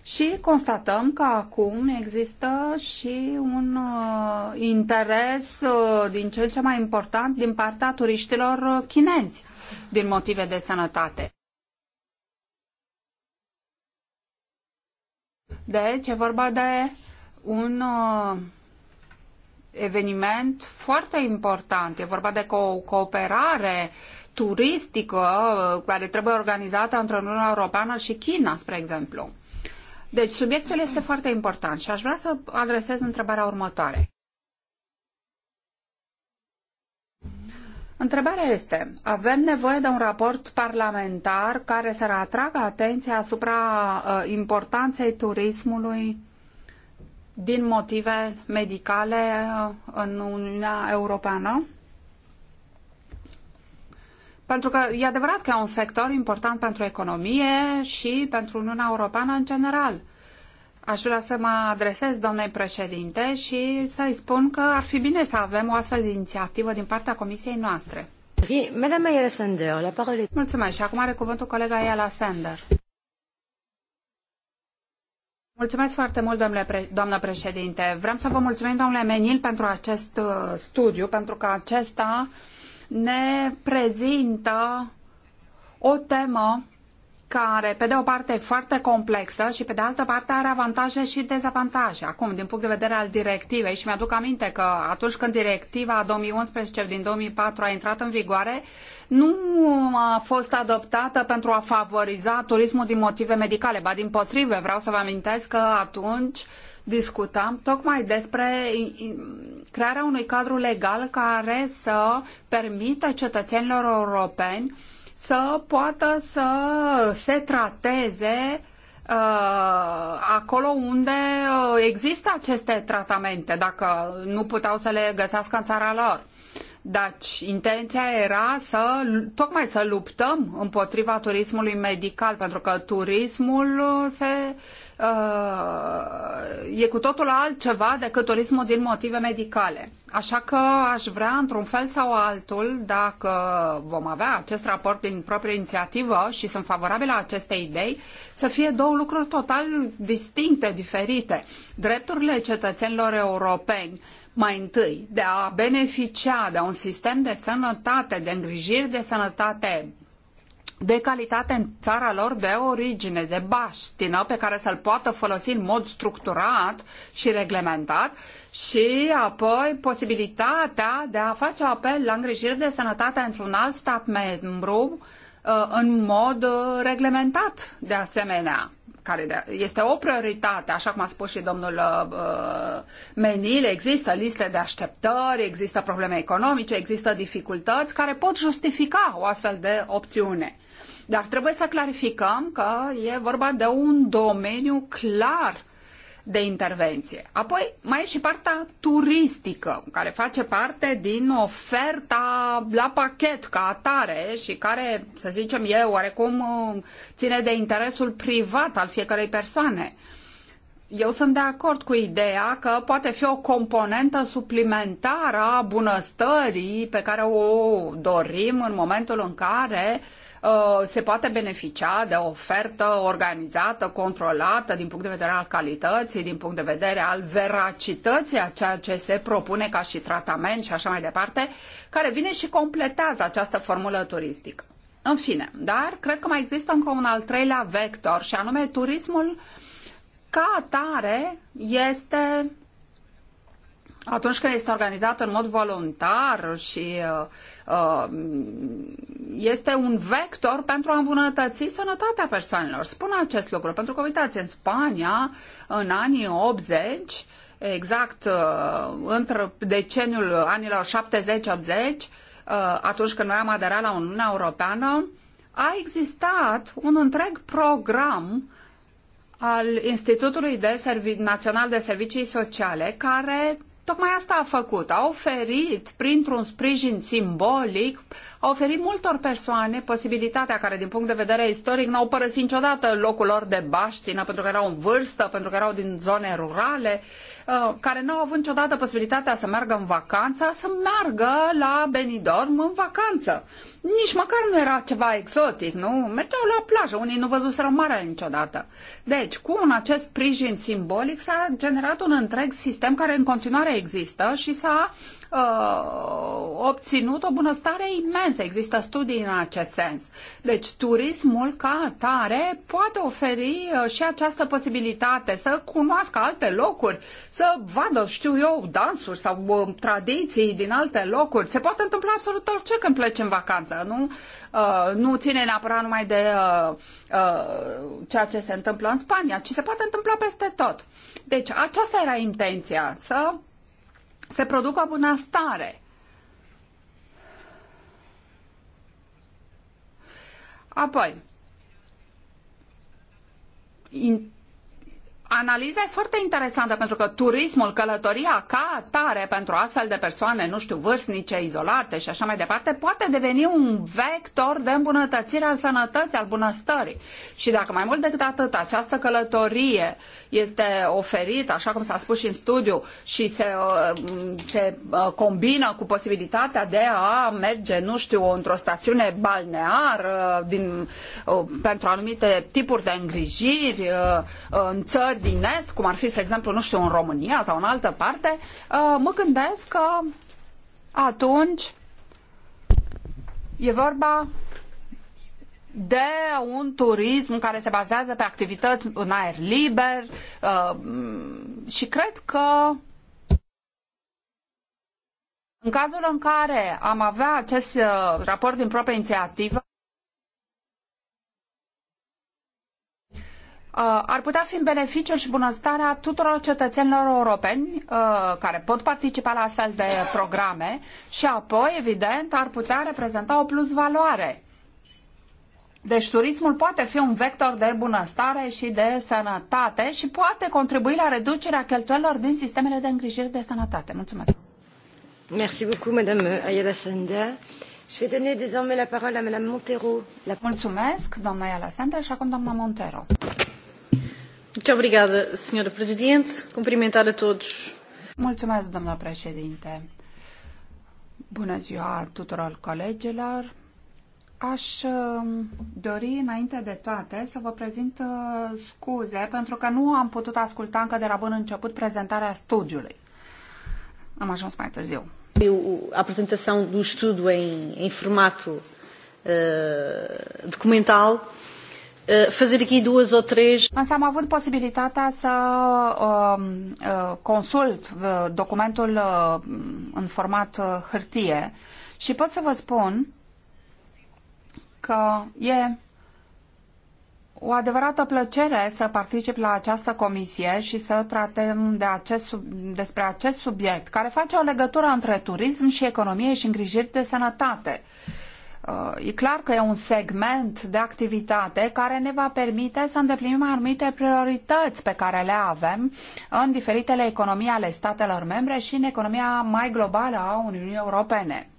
Și constatăm că acum există și un uh, interes uh, din cel ce mai important din partea turiștilor uh, chinezi din motive de sănătate. Deci e vorba de un uh, eveniment foarte important. E vorba de co- cooperare turistică uh, care trebuie organizată între Uniunea Europeană și China, spre exemplu. Deci subiectul este foarte important și aș vrea să adresez întrebarea următoare. Întrebarea este, avem nevoie de un raport parlamentar care să atragă atenția asupra uh, importanței turismului din motive medicale uh, în Uniunea Europeană? Pentru că e adevărat că e un sector important pentru economie și pentru Uniunea Europeană în general. Aș vrea să mă adresez domnului președinte și să-i spun că ar fi bine să avem o astfel de inițiativă din partea comisiei noastre. Mulțumesc. Și acum are cuvântul colega Ayala Sander. Mulțumesc foarte mult, domnule pre- doamnă președinte. Vreau să vă mulțumim, domnule Menil, pentru acest uh, studiu, pentru că acesta uh, ne prezintă o temă care, pe de o parte, e foarte complexă și, pe de altă parte, are avantaje și dezavantaje. Acum, din punct de vedere al directivei, și mi-aduc aminte că atunci când directiva 2011 din 2004 a intrat în vigoare, nu a fost adoptată pentru a favoriza turismul din motive medicale. Ba, din potrive, vreau să vă amintesc că atunci discutăm tocmai despre crearea unui cadru legal care să permită cetățenilor europeni să poată să se trateze uh, acolo unde uh, există aceste tratamente, dacă nu puteau să le găsească în țara lor. Deci, intenția era să, tocmai să luptăm împotriva turismului medical, pentru că turismul uh, se uh, e cu totul altceva decât turismul din motive medicale. Așa că aș vrea, într-un fel sau altul, dacă vom avea acest raport din proprie inițiativă și sunt favorabilă acestei idei, să fie două lucruri total distincte, diferite. Drepturile cetățenilor europeni mai întâi de a beneficia de un sistem de sănătate, de îngrijiri de sănătate de calitate în țara lor de origine, de baștină, pe care să-l poată folosi în mod structurat și reglementat și apoi posibilitatea de a face apel la îngrijire de sănătate într-un alt stat membru uh, în mod uh, reglementat de asemenea care este o prioritate, așa cum a spus și domnul uh, Menil, există liste de așteptări, există probleme economice, există dificultăți care pot justifica o astfel de opțiune. Dar trebuie să clarificăm că e vorba de un domeniu clar de intervenție. Apoi mai e și partea turistică, care face parte din oferta la pachet ca atare și care, să zicem eu, oarecum uh, ține de interesul privat al fiecărei persoane. Eu sunt de acord cu ideea că poate fi o componentă suplimentară a bunăstării pe care o dorim în momentul în care uh, Uh, se poate beneficia de o ofertă organizată, controlată din punct de vedere al calității, din punct de vedere al veracității a ceea ce se propune ca și tratament și așa mai departe, care vine și completează această formulă turistică. În fine, dar cred că mai există încă un al treilea vector și anume turismul ca atare este atunci când este organizat în mod voluntar și uh, uh, este un vector pentru a îmbunătăți sănătatea persoanelor. Spun acest lucru pentru că, uitați, în Spania, în anii 80, exact uh, între deceniul anilor 70-80, uh, atunci când noi am aderat la Uniunea Europeană, a existat un întreg program al Institutului de Servi- Național de Servicii Sociale care tocmai asta a făcut. A oferit, printr-un sprijin simbolic, a oferit multor persoane posibilitatea care, din punct de vedere istoric, n-au părăsit niciodată locul lor de baștină, pentru că erau în vârstă, pentru că erau din zone rurale Uh, care n-au avut niciodată posibilitatea să meargă în vacanță, să meargă la Benidorm în vacanță. Nici măcar nu era ceva exotic, nu? Mergeau la plajă, unii nu văzuseră marea niciodată. Deci, cu un acest sprijin simbolic s-a generat un întreg sistem care în continuare există și s-a uh, obținut o bunăstare imensă. Există studii în acest sens. Deci turismul ca atare poate oferi uh, și această posibilitate să cunoască alte locuri, să vadă, știu eu, dansuri sau uh, tradiții din alte locuri. Se poate întâmpla absolut orice când pleci în vacanță. Nu, uh, nu ține neapărat numai de uh, uh, ceea ce se întâmplă în Spania, ci se poate întâmpla peste tot. Deci aceasta era intenția, să se producă bunăstare. Apoi, analiza e foarte interesantă pentru că turismul, călătoria ca atare pentru astfel de persoane, nu știu, vârstnice, izolate și așa mai departe, poate deveni un vector de îmbunătățire al sănătății, al bunăstării. Și dacă mai mult decât atât această călătorie este oferită, așa cum s-a spus și în studiu, și se, uh, se uh, combină cu posibilitatea de a merge, nu știu, într-o stațiune balneară uh, din, pentru anumite tipuri de îngrijiri în țări țări din Est, cum ar fi, spre exemplu, nu știu, în România sau în altă parte, uh, mă gândesc că atunci e vorba de un turism care se bazează pe activități în aer liber uh, și cred că în cazul în care am avea acest uh, raport din proprie inițiativă, Uh, ar putea fi în beneficiul și bunăstarea tuturor cetățenilor europeni uh, care pot participa la astfel de programe și apoi, evident, ar putea reprezenta o plusvaloare. Deci turismul poate fi un vector de bunăstare și de sănătate și poate contribui la reducerea cheltuielor din sistemele de îngrijire de sănătate. Mulțumesc! Merci beaucoup, Madame Ayala Sander. Je vais donner désormais la parole à Madame Montero. La... Mulțumesc, doamna Ayala Sander, și acum doamna Montero. Muito obrigada, Sra. Presidente. Cumprimentar a todos. Mulțumesc, doamna președinte. Bună ziua tuturor colegilor. Aș um, dori, înainte de toate, să vă prezint uh, scuze pentru că nu am putut asculta încă de la bun început prezentarea studiului. Am ajuns mai târziu. A apresentação do estudo em, em formato uh, documental Eh, fazer aqui duas ou três. Însă am avut posibilitatea să uh, uh, consult uh, documentul uh, în format uh, hârtie și pot să vă spun că e o adevărată plăcere să particip la această comisie și să tratăm de acest, despre acest subiect care face o legătură între turism și economie și îngrijiri de sănătate. Uh, Uh, e clar că e un segment de activitate care ne va permite să îndeplinim anumite priorități pe care le avem în diferitele economii ale statelor membre și în economia mai globală a Uniunii Europene.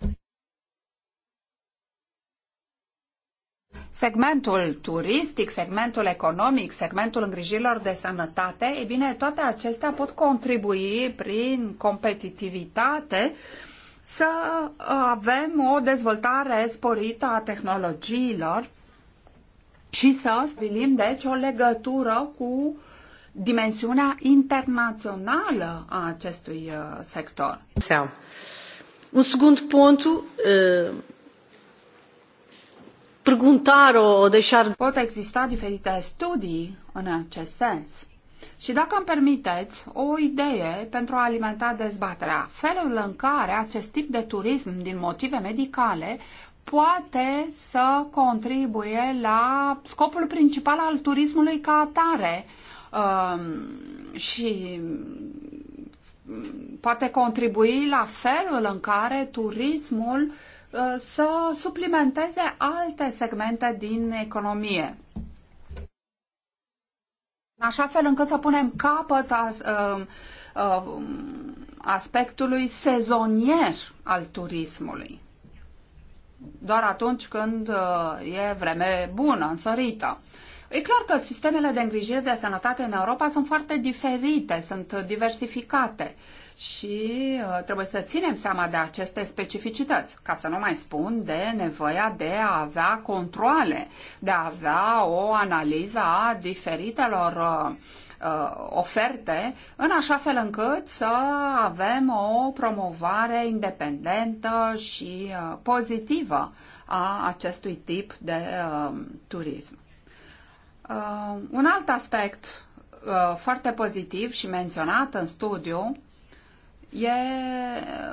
Segmentul turistic, segmentul economic, segmentul îngrijirilor de sănătate, e bine, toate acestea pot contribui prin competitivitate uh, să uh, avem o dezvoltare sporită a tehnologiilor și să stabilim, deci, o legătură cu dimensiunea internațională a acestui uh, sector. Un secund punct, uh, perguntar o deșar... Pot exista diferite studii în acest sens. Și dacă îmi permiteți, o idee pentru a alimenta dezbaterea. Felul în care acest tip de turism din motive medicale poate să contribuie la scopul principal al turismului ca atare um, și poate contribui la felul în care turismul uh, să suplimenteze alte segmente din economie în așa fel încât să punem capăt a, a, a, aspectului sezonier al turismului. Doar atunci când e vreme bună, însărită. E clar că sistemele de îngrijire de sănătate în Europa sunt foarte diferite, sunt diversificate. Uh, și uh, trebuie să ținem seama de aceste specificități, ca să nu mai spun de nevoia de a avea controle, de a avea o analiză a diferitelor uh, uh oferte, în așa fel încât să avem o promovare independentă și uh, pozitivă a acestui tip de uh, turism. Uh, un alt aspect foarte pozitiv și menționat în studiu e,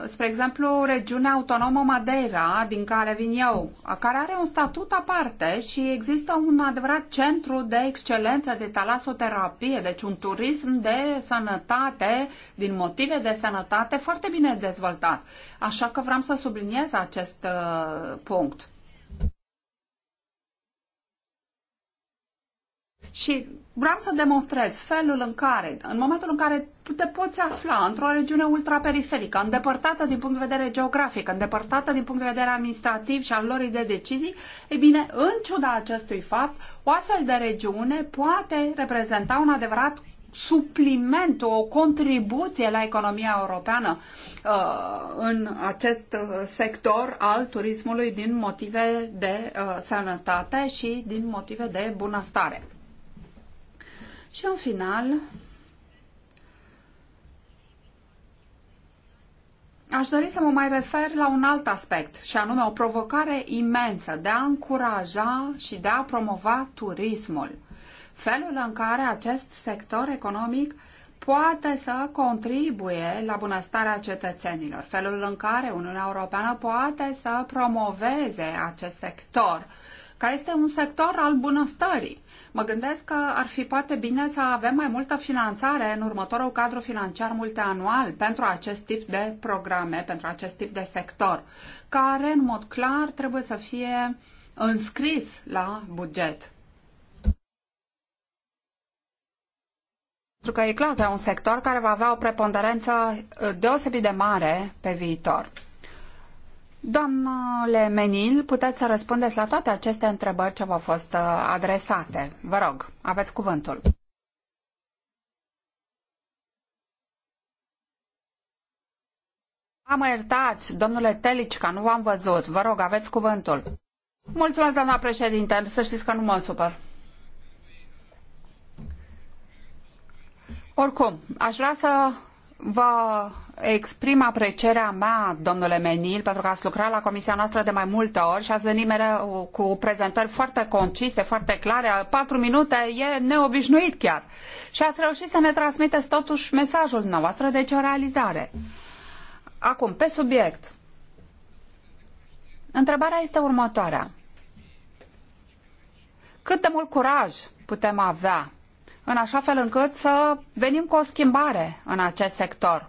spre exemplu, regiunea autonomă Madeira, din care vin eu, care are un statut aparte și există un adevărat centru de excelență de talasoterapie, deci un turism de sănătate, din motive de sănătate, foarte bine dezvoltat. Așa că vreau să subliniez acest uh, punct. Și vreau să demonstrez felul în care, în momentul în care te poți afla într-o regiune ultraperiferică, îndepărtată din punct de vedere geografic, îndepărtată din punct de vedere administrativ și al lor de decizii, e bine, în ciuda acestui fapt, o astfel de regiune poate reprezenta un adevărat supliment, o contribuție la economia europeană uh, în acest uh, sector al turismului din motive de uh, sănătate și din motive de bunăstare. Și în final, Aș dori să mă mai refer la un alt aspect, și anume o provocare imensă de a încuraja și de a promova turismul. Felul în care acest sector economic poate să contribuie la bunăstarea cetățenilor, felul în care Uniunea Europeană poate să promoveze acest sector care este un sector al bunăstării. Mă gândesc că ar fi poate bine să avem mai multă finanțare în următorul cadru financiar multianual pentru acest tip de programe, pentru acest tip de sector, care, în mod clar, trebuie să fie înscris la buget. Pentru că e clar că e un sector care va avea o preponderență uh, deosebit de mare pe viitor. Domnule Menil, puteți să răspundeți la toate aceste întrebări ce v-au fost uh, adresate. Vă rog, aveți cuvântul. Am iertați, domnule Telicca, nu v-am văzut. Vă rog, aveți cuvântul. Mulțumesc, doamna președinte. Să știți că nu mă supăr. Oricum, aș vrea să Vă exprim aprecierea mea, domnule Menil, pentru că ați lucrat la comisia noastră de mai multe ori și ați venit mereu cu prezentări foarte concise, foarte clare. Patru minute e neobișnuit chiar. Și ați reușit să ne transmiteți totuși mesajul dumneavoastră, deci o realizare. Acum, pe subiect. Întrebarea este următoarea. Cât de mult curaj putem avea în așa fel încât să venim cu o schimbare în acest sector.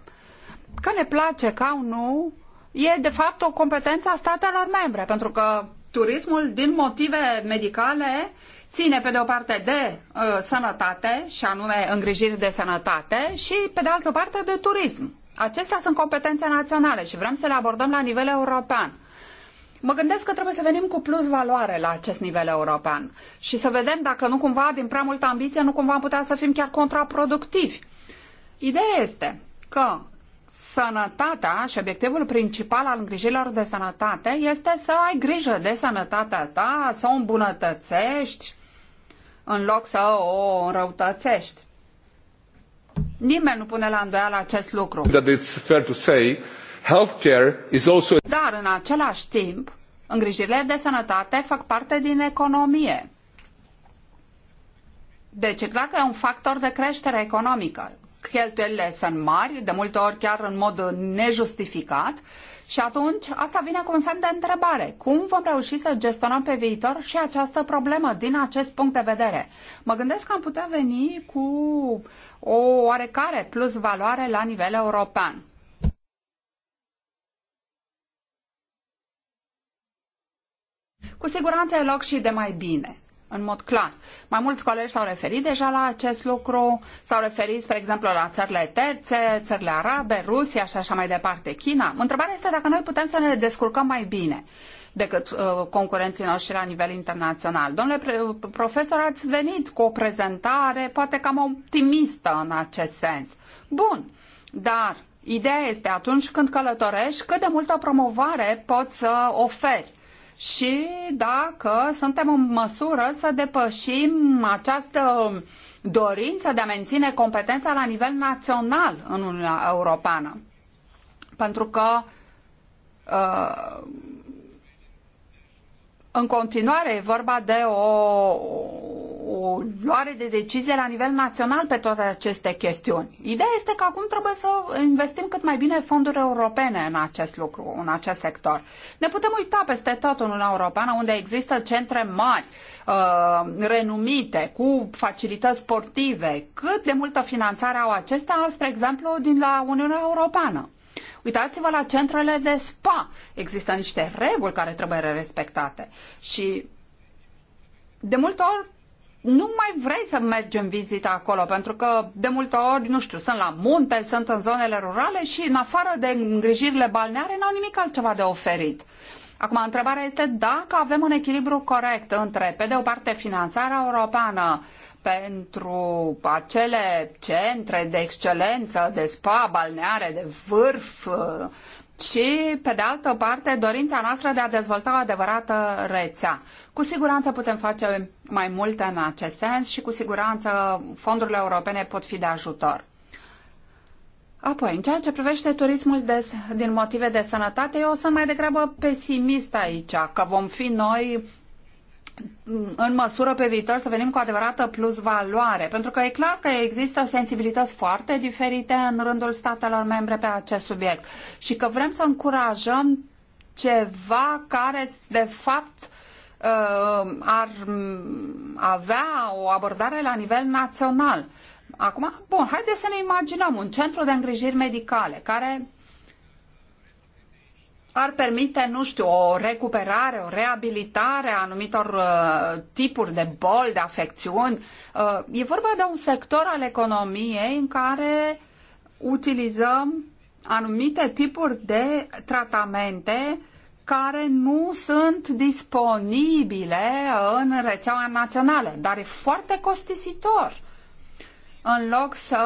Că ne place sau nu, e de fapt o competență a statelor membre, pentru că turismul, din motive medicale, ține pe de o parte de uh, sănătate, și anume îngrijiri de sănătate, și pe de altă parte de turism. Acestea sunt competențe naționale și vrem să le abordăm la nivel european. Mă gândesc că trebuie să venim cu plus valoare la acest nivel european și să vedem dacă nu cumva, din prea multă ambiție, nu cumva am putea să fim chiar contraproductivi. Ideea este că sănătatea și obiectivul principal al îngrijirilor de sănătate este să ai grijă de sănătatea ta, să o îmbunătățești în loc să o înrăutățești. Nimeni nu pune la îndoială acest lucru. That it's fair to say Healthcare is also... Dar în același timp, îngrijirile de sănătate fac parte din economie. Deci e clar că e un factor de creștere economică. Cheltuielile sunt mari, de multe ori chiar în mod nejustificat și atunci asta vine cu un semn de întrebare. Cum vom reuși să gestionăm pe viitor și această problemă din acest punct de vedere? Mă gândesc că am putea veni cu o oarecare plus valoare la nivel european. Cu siguranță e loc și de mai bine în mod clar. Mai mulți colegi s-au referit deja la acest lucru, s-au referit, spre exemplu, la țările terțe, țările arabe, Rusia și așa mai departe, China. Întrebarea este dacă noi putem să ne descurcăm mai bine decât uh, concurenții noștri la nivel internațional. Domnule profesor, ați venit cu o prezentare poate cam optimistă în acest sens. Bun, dar Ideea este atunci când călătorești cât de multă promovare poți să oferi și dacă suntem în măsură să depășim această dorință de a menține competența la nivel național în Uniunea Europeană. Pentru că uh, în continuare e vorba de o, o luare de decizie la nivel național pe toate aceste chestiuni. Ideea este că acum trebuie să investim cât mai bine fonduri europene în acest lucru, în acest sector. Ne putem uita peste tot în Uniunea Europeană unde există centre mari, uh, renumite, cu facilități sportive. Cât de multă finanțare au acestea, spre exemplu, din la Uniunea Europeană? Uitați-vă la centrele de spa. Există niște reguli care trebuie respectate și de multe ori nu mai vrei să mergi în vizită acolo, pentru că de multe ori, nu știu, sunt la munte, sunt în zonele rurale și în afară de îngrijirile balneare n-au nimic altceva de oferit. Acum, întrebarea este dacă avem un echilibru corect între, pe de o parte, finanțarea europeană pentru acele centre de excelență, de spa, balneare, de vârf, și, pe de altă parte, dorința noastră de a dezvolta o adevărată rețea. Cu siguranță putem face mai multe în acest sens și, cu siguranță, fondurile europene pot fi de ajutor. Apoi, în ceea ce privește turismul de, din motive de sănătate, eu sunt mai degrabă pesimist aici, că vom fi noi în măsură pe viitor să venim cu adevărată plus valoare, pentru că e clar că există sensibilități foarte diferite în rândul statelor membre pe acest subiect și că vrem să încurajăm ceva care de fapt uh, ar avea o abordare la nivel național. Acum, bun, haideți să ne imaginăm un centru de îngrijiri medicale care ar permite, nu știu, o recuperare, o reabilitare a anumitor uh, tipuri de boli, de afecțiuni. Uh, e vorba de un sector al economiei în care utilizăm anumite tipuri de tratamente care nu sunt disponibile în rețeaua națională, dar e foarte costisitor în loc să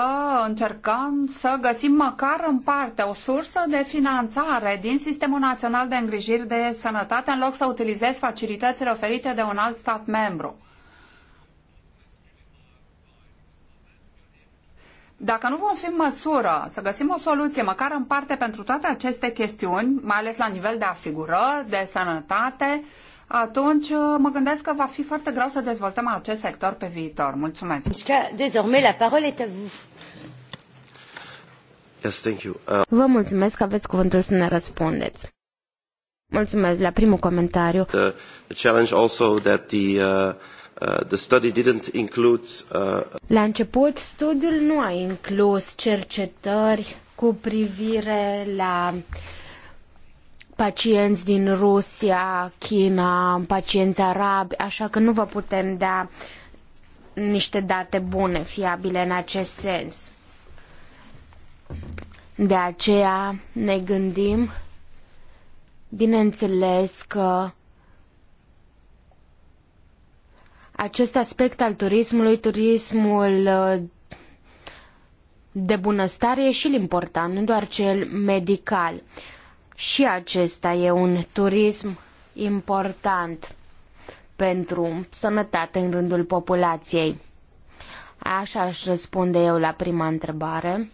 încercăm să găsim măcar în parte o sursă de finanțare din Sistemul Național de Îngrijiri de Sănătate, în loc să utilizez facilitățile oferite de un alt stat membru. Dacă nu vom fi în măsură să găsim o soluție, măcar în parte, pentru toate aceste chestiuni, mai ales la nivel de asigurări, de sănătate, uh, atunci uh, mă gândesc că va fi foarte greu să dezvoltăm acest sector pe viitor. Mulțumesc. la uh, Vă mulțumesc că aveți cuvântul să ne răspundeți. Mulțumesc la primul comentariu. The, the challenge also that the uh... uh the study didn't include, uh... La început, studiul nu a inclus cercetări cu privire la uh, pacienți din Rusia, China, pacienți arabi, așa că nu vă putem da niște date bune, fiabile în acest sens. De aceea ne gândim, bineînțeles că acest aspect al turismului, turismul uh, de bunăstare e și important, nu doar cel medical. Și acesta e un turism important pentru sănătate în rândul populației. Așa aș răspunde eu la prima întrebare.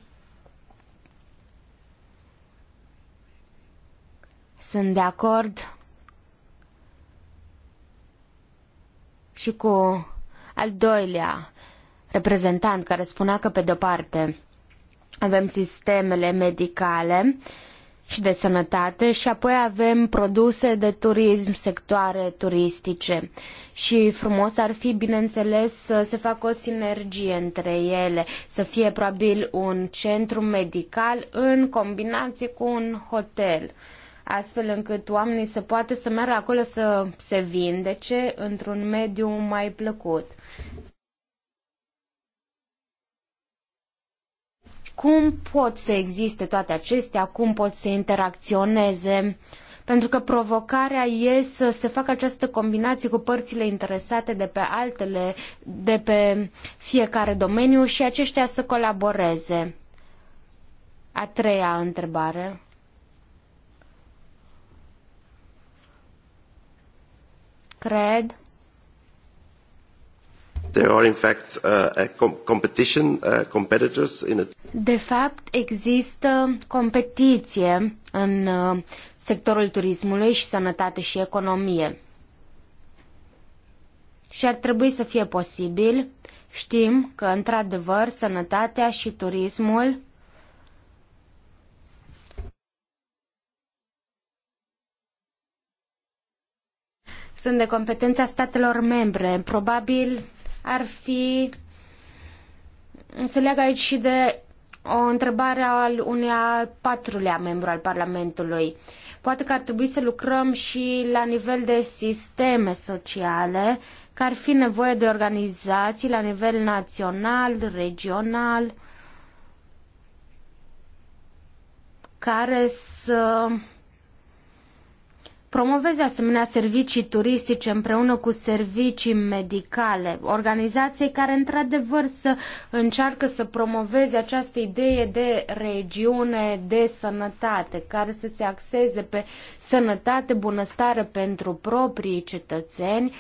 Sunt de acord și cu al doilea reprezentant care spunea că, pe de-o parte, avem sistemele medicale uh, și de sănătate și apoi avem produse de turism, sectoare turistice. Și frumos ar fi, bineînțeles, să se facă o sinergie între ele, să fie probabil un centru medical în combinație cu un hotel, astfel încât oamenii să poată să meargă acolo să se vindece într-un mediu mai plăcut. Cum pot să existe toate acestea? Cum pot să interacționeze? Pentru că provocarea e să se facă această combinație cu părțile interesate de pe altele, de pe fiecare domeniu și aceștia să colaboreze. A treia întrebare. Cred There are in fact uh, competition, uh, competitors in a... De fapt, există competiție în uh, sectorul turismului și sănătate și economie. Și ar trebui să fie posibil. Știm că, într-adevăr, sănătatea și turismul sunt de competența statelor membre. Probabil ar fi se leagă aici și de o întrebare al unui al patrulea membru al Parlamentului. Poate că ar trebui să lucrăm și la nivel de sisteme sociale, că ar fi nevoie de organizații la nivel național, regional, care să Promovezi asemenea servicii turistice împreună cu servicii medicale, organizații care într-adevăr să încearcă să promoveze această idee de regiune de sănătate, care să se axeze pe sănătate, bunăstare pentru proprii cetățeni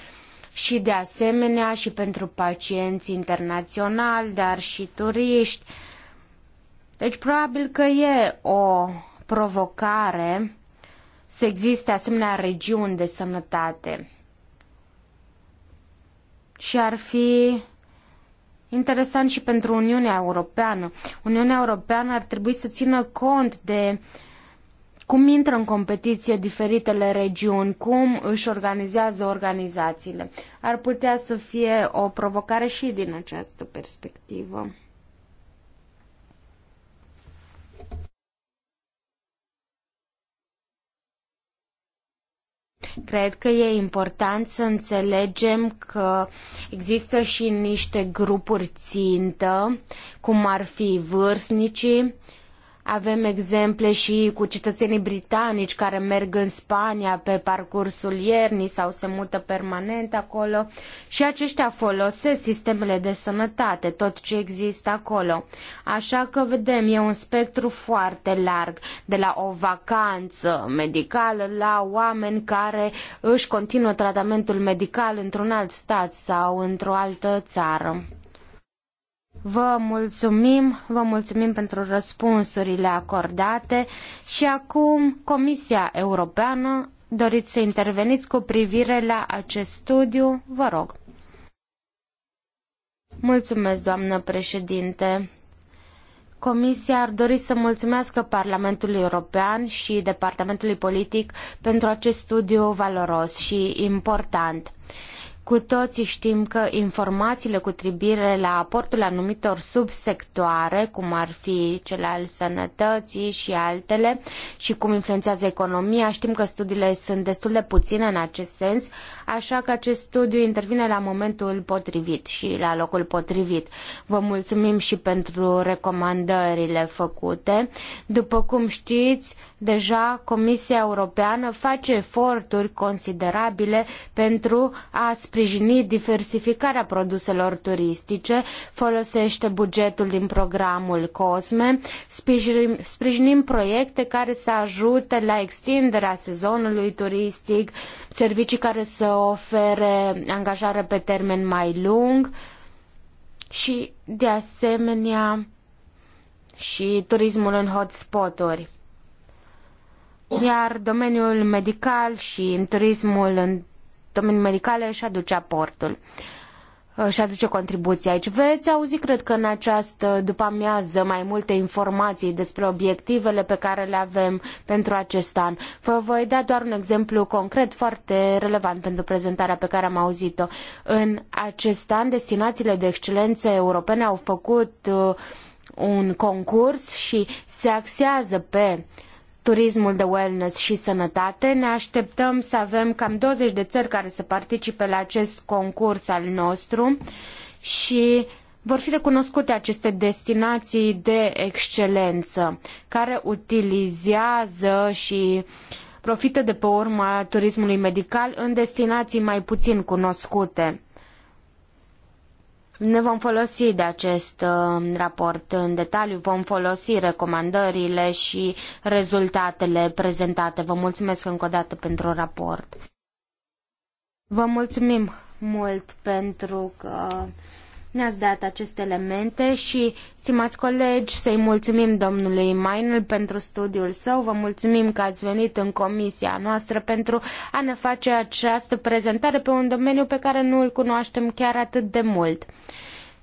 și de asemenea și pentru pacienți internaționali, dar și turiști. Deci probabil că e o provocare să existe asemenea regiuni de sănătate. Și ar fi interesant și pentru Uniunea Europeană. Uniunea Europeană ar trebui să țină cont de cum intră în competiție diferitele regiuni, cum își organizează organizațiile. Ar putea să fie o provocare și din această perspectivă. Cred că e important să înțelegem că există și niște grupuri țintă, cum ar fi vârstnicii, avem exemple și cu cetățenii britanici care merg în Spania pe parcursul iernii sau se mută permanent acolo și aceștia folosesc sistemele de sănătate, tot ce există acolo. Așa că vedem, e un spectru foarte larg, de la o vacanță medicală la oameni care își continuă tratamentul medical într-un alt stat sau într-o altă țară. Vă mulțumim, vă mulțumim pentru răspunsurile acordate și acum Comisia Europeană, doriți să interveniți cu privire la acest studiu, vă rog. Mulțumesc, doamnă președinte. Comisia ar dori să mulțumească Parlamentului European și Departamentului Politic pentru acest studiu valoros și important. Cu toții știm că informațiile cu privire la aportul anumitor subsectoare, cum ar fi cel al sănătății și altele, și cum influențează economia, știm că studiile sunt destul de puține în acest sens, așa că acest studiu intervine la momentul potrivit și la locul potrivit. Vă mulțumim și pentru recomandările făcute. După cum știți, deja Comisia Europeană face eforturi considerabile pentru a sprijini diversificarea produselor turistice, folosește bugetul din programul COSME, sprijinim, sprijinim proiecte care să ajute la extinderea sezonului turistic, servicii care să ofere angajare pe termen mai lung și, de asemenea, și turismul în hotspoturi. Iar domeniul medical și turismul în domeniul medical își aduce aportul. Uh, își uh, aduce contribuția aici. Veți auzi, cred că în această după amiază, mai multe informații despre obiectivele pe care le avem pentru acest an. Vă voi da doar un exemplu concret foarte relevant pentru prezentarea pe care am auzit-o. În acest an, destinațiile de excelență europene au făcut uh, un concurs și se axează pe uh, turismul de wellness și sănătate. Ne așteptăm să avem cam 20 de țări care să participe la acest concurs al nostru și vor fi recunoscute aceste destinații de excelență care utilizează și profită de pe urma turismului medical în destinații mai puțin cunoscute. Ne vom folosi de acest uh, raport în detaliu, vom folosi recomandările și rezultatele prezentate. Vă mulțumesc încă o dată pentru raport. Vă mulțumim mult pentru că ne-ați dat aceste elemente și, stimați colegi, să-i mulțumim domnului Mainul pentru studiul său, vă mulțumim că ați venit în comisia noastră pentru a ne face această prezentare pe un domeniu pe care nu îl cunoaștem chiar atât de mult.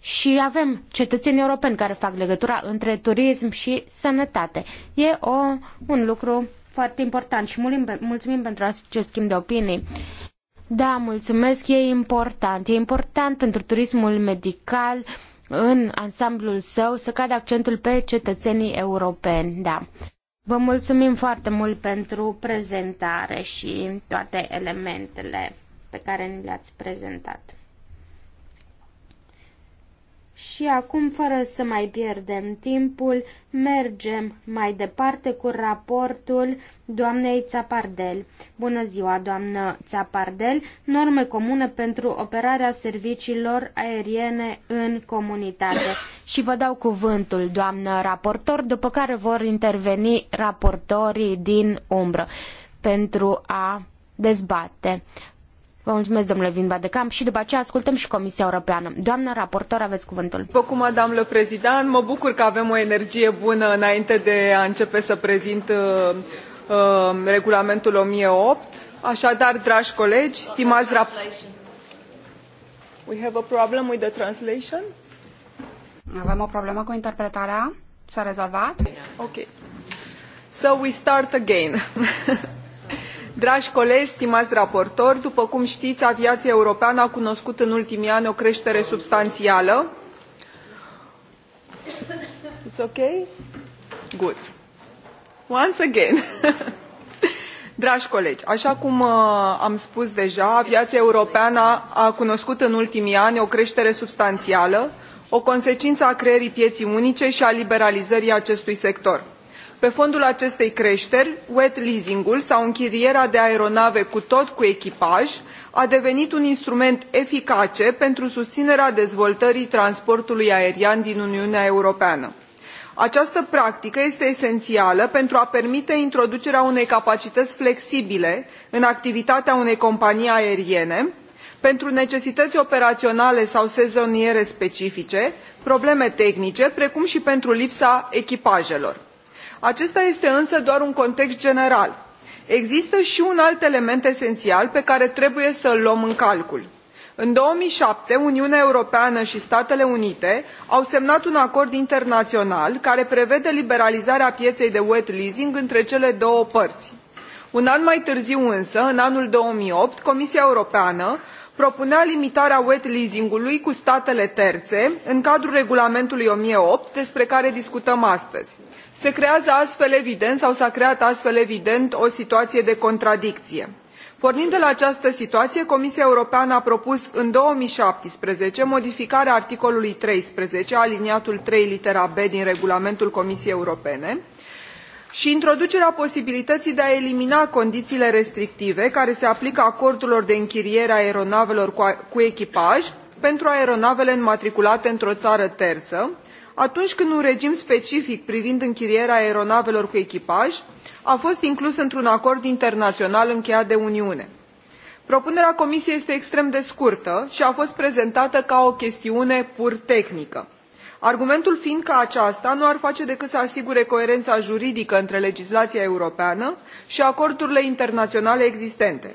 Și avem cetățeni europeni care fac legătura între turism și sănătate. E o, un lucru foarte important și mulțumim pentru acest schimb de opinii. Da, mulțumesc, e important. E important pentru turismul medical în ansamblul său să cadă accentul pe cetățenii europeni, da. Vă mulțumim foarte mult pentru prezentare și toate elementele pe care ni le-ați prezentat. Și acum, fără să mai pierdem timpul, mergem mai departe cu raportul doamnei Țapardel. Bună ziua, doamnă Țapardel! Norme comune pentru operarea serviciilor aeriene în comunitate. Și vă dau cuvântul, doamnă raportor, după care vor interveni raportorii din umbră pentru a dezbate. Vă mulțumesc, domnule Vinba de Camp, și după aceea ascultăm și Comisia Europeană. Doamnă raportor, aveți cuvântul. După cum, madame le prezident, mă bucur că avem o energie bună înainte de a începe să prezint uh, uh regulamentul 1008. Așadar, dragi colegi, stimați raportori... We have a problem with the translation? Avem o problemă cu interpretarea. S-a rezolvat? Ok. So we start again. dragi colegi stimați raportori după cum știți aviația europeană a cunoscut în ultimii ani o creștere substanțială It's okay? Good. Once again. Dragi colegi, așa cum uh, am spus deja, aviația europeană a cunoscut în ultimii ani o creștere substanțială, o consecință a creării pieții unice și a liberalizării acestui sector pe fondul acestei creșteri wet leasing ul sau închirierea de aeronave cu tot cu echipaj a devenit un instrument eficace pentru susținerea dezvoltării transportului aerian din uniunea europeană. această practică este esențială pentru a permite introducerea unei capacități flexibile în activitatea unei companii aeriene pentru necesități operaționale sau sezoniere specifice probleme tehnice precum și pentru lipsa echipajelor acesta este însă doar un context general există și un alt element esențial pe care trebuie să l luăm în calcul în două mii șapte uniunea europeană și statele unite au semnat un acord internațional care prevede liberalizarea pieței de wet leasing între cele două părți. un an mai târziu însă în anul două mii opt comisia europeană a propunea limitarea wet leasing ului cu statele terțe în cadrul regulamentului o mie opt despre care discutăm astăzi. se creează astfel evident sau s a creat astfel evident o situație de contradicție pornind de la această situație comisia europeană a propus în două mii șaptesprezece modificarea articolului treisprezece aliniatul 3 litera b din regulamentul comisiei europene și introducerea posibilității de a elimina condițiile restrictive care se aplică acordurilor de închiriere a aeronavelor cu echipaj pentru aeronavele înmatriculate într o țară terță atunci când un regim specific privind închirierea aeronavelor cu echipaj a fost inclus într un acord internațional încheiat de uniune. propunerea comisiei este extrem de scurtă și a fost prezentată ca o chestiune pur tehnică argumentul fiind că aceasta nu ar face decât să asigure coerența juridică între legislația europeană și acordurile internaționale existente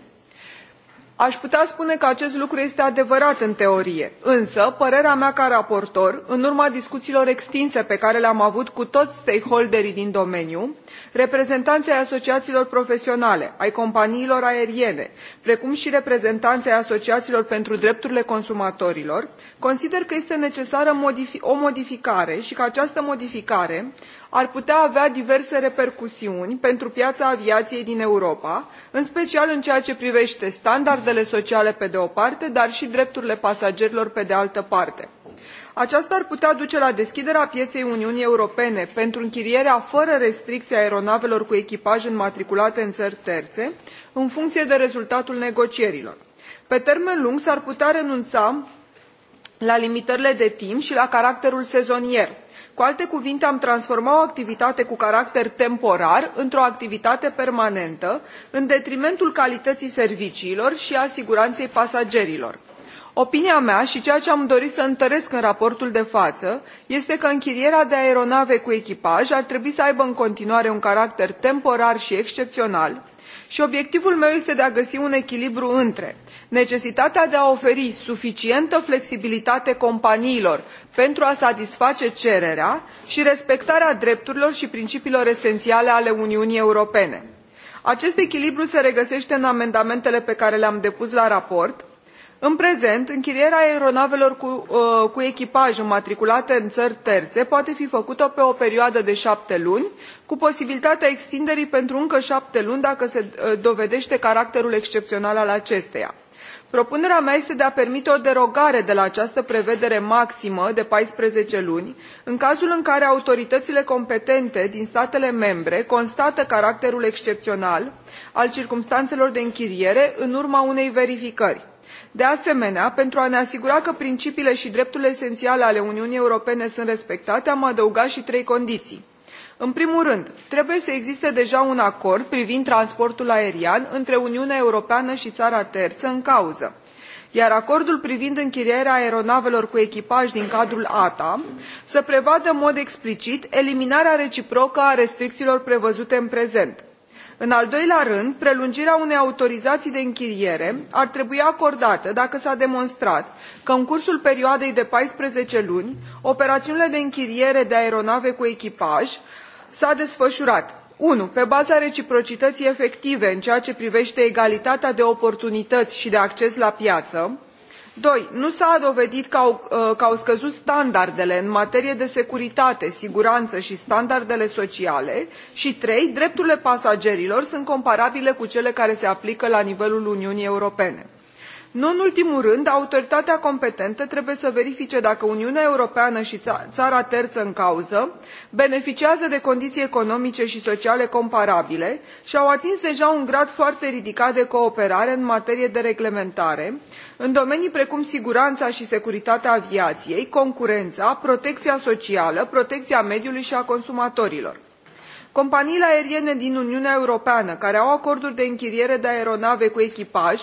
aș putea spune că acest lucru este adevărat în teorie însă părerea mea ca raportor în urma discuțiilor extinse pe care le am avut cu toți stakeholderii din domeniu reprezentanți ai asociațiilor profesionale ai companiilor aeriene precum și reprezentanți ai asociațiilor pentru drepturile consumatorilor consider că este necesară o modificare și că această modificare ar putea avea diverse repercusiuni pentru piața aviației din europa în special în ceea ce privește standardele sociale pe de o parte dar și drepturile pasagerilor pe de altă parte aceasta ar putea duce la deschiderea pieței uniunii europene pentru închirierea fără restricții a aeronavelor cu echipaj înmatriculate în țări terțe în funcție de rezultatul negocierilor. pe termen lung s ar putea renunța la limitările de timp și la caracterul sezonier cu alte cuvinte am transforma o activitate cu caracter temporar într o activitate permanentă în detrimentul calității serviciilor și a siguranței pasagerilor opinia mea și ceea ce am dorit să întăresc în raportul de față este că închirierea de aeronave cu echipaj ar trebui să aibă în continuare un caracter temporar și excepțional și obiectivul meu este de a găsi un echilibru între necesitatea de a oferi suficientă flexibilitate companiilor pentru a satisface cererea și respectarea drepturilor și principiilor esențiale ale uniunii europene. acest echilibru se regăsește în amendamentele pe care le am depus la raport în prezent închirierea aeronavelor uh, cu, echipaj înmatriculate în țări terțe poate fi făcută pe o perioadă de șapte luni cu posibilitatea extinderii pentru încă șapte luni dacă se uh, dovedește caracterul excepțional al acesteia propunerea mea este de a permite o derogare de la această prevedere maximă de paisprezece luni în cazul în care autoritățile competente din statele membre constată caracterul excepțional al circumstanțelor de închiriere în urma unei verificări de asemenea pentru a ne asigura că principiile și drepturile esențiale ale uniunii europene sunt respectate am adăugat și trei condiții în primul rând trebuie să existe deja un acord privind transportul aerian între uniunea europeană și țara terță în cauză iar acordul privind închirierea aeronavelor cu echipaj din cadrul ata să prevadă în mod explicit eliminarea reciprocă a restricțiilor prevăzute în prezent în al doilea rând prelungirea unei autorizații de închiriere ar trebui acordată dacă s a demonstrat că în cursul perioadei de paisprezece luni operațiunile de închiriere de aeronave cu echipaj s au desfășurat unu pe baza reciprocității efective în ceea ce privește egalitatea de oportunități și de acces la piață; doi nu s a dovedit uh, că au, scăzut standardele în materie de securitate siguranță și standardele sociale și trei drepturile pasagerilor sunt comparabile cu cele care se aplică la nivelul uniunii europene nu în ultimul rând autoritatea competentă trebuie să verifice dacă uniunea europeană și țara terță în cauză beneficiază de condiții economice și sociale comparabile și au atins deja un grad foarte ridicat de cooperare în materie de reglementare în domenii precum siguranța și securitatea aviației concurența protecția socială protecția mediului și a consumatorilor companiile aeriene din uniunea europeană care au acorduri de închiriere de aeronave cu echipaj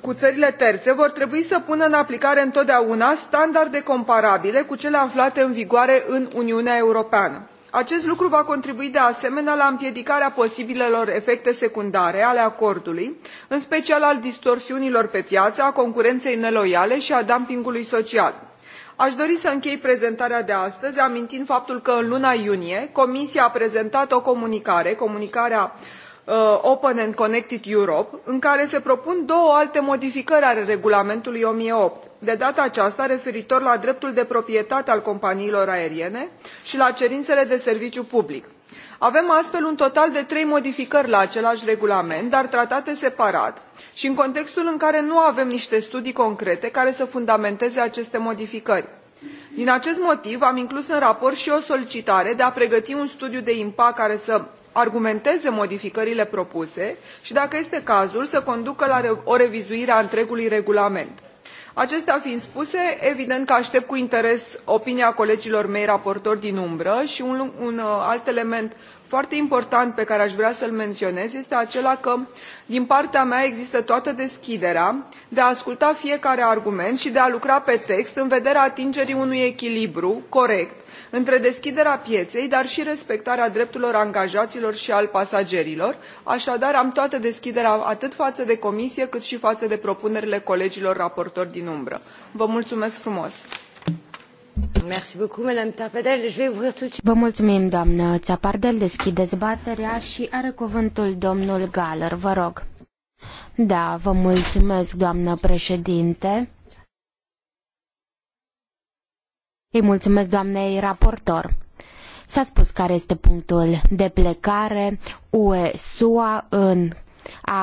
cu țările terțe vor trebui să pună în aplicare întotdeauna standarde comparabile cu cele aflate în vigoare în uniunea europeană. acest lucru va contribui de asemenea la împiedicarea posibilelor efecte secundare ale acordului în special al distorsiunilor pe piață a concurenței neloiale și a dumpingului social. aș dori să închei prezentarea de astăzi amintind faptul că în luna iunie comisia a prezentat o comunicare comunicarea Uh, open and connected europe în care se propun două alte modificări ale regulamentului o mie opt de data aceasta referitor la dreptul de proprietate al companiilor aeriene și la cerințele de serviciu public. avem astfel un total de trei modificări la același regulament dar tratate separat și în contextul în care nu avem niște studii concrete care să fundamenteze aceste modificări din acest motiv am inclus în raport și o solicitare de a pregăti un studiu de impact care să argumenteze modificările propuse și dacă este cazul să conducă la o revizuire a întregului regulament. acestea fiind spuse evident că aștept cu interes opinia colegilor mei raportori din umbră și un, un uh, alt element foarte important pe care aș vrea să l menționez este acela că din partea mea există toată deschiderea de a asculta fiecare argument și de a lucra pe text în vederea atingerii unui echilibru corect între deschiderea pieței dar și respectarea drepturilor angajaților și ale pasagerilor așadar am toată deschiderea atât față de comisie cât și față de propunerile colegilor raportori din umbră. vă mulțumesc frumos! Vă mulțumim, doamnă Țapardel. Deschid dezbaterea și are cuvântul domnul Galer. Vă rog. Da, vă mulțumesc, doamnă președinte. Îi mulțumesc doamnei raportor. S-a spus care este punctul de plecare. UE-SUA în,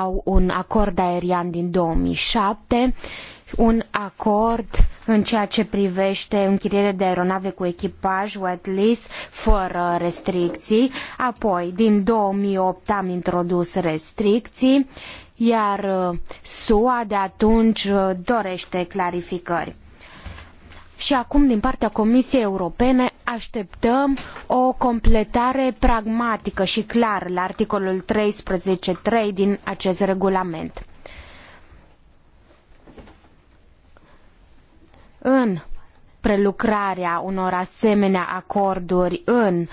au un acord aerian din 2007 un acord în ceea ce privește închirierea de aeronave cu echipaj, wet lease, fără restricții. Apoi, din 2008 am introdus restricții, iar uh, SUA de atunci uh, dorește clarificări. Și acum, din partea Comisiei Europene, așteptăm o completare pragmatică și clară la articolul 13.3 din acest regulament. În prelucrarea unor asemenea acorduri în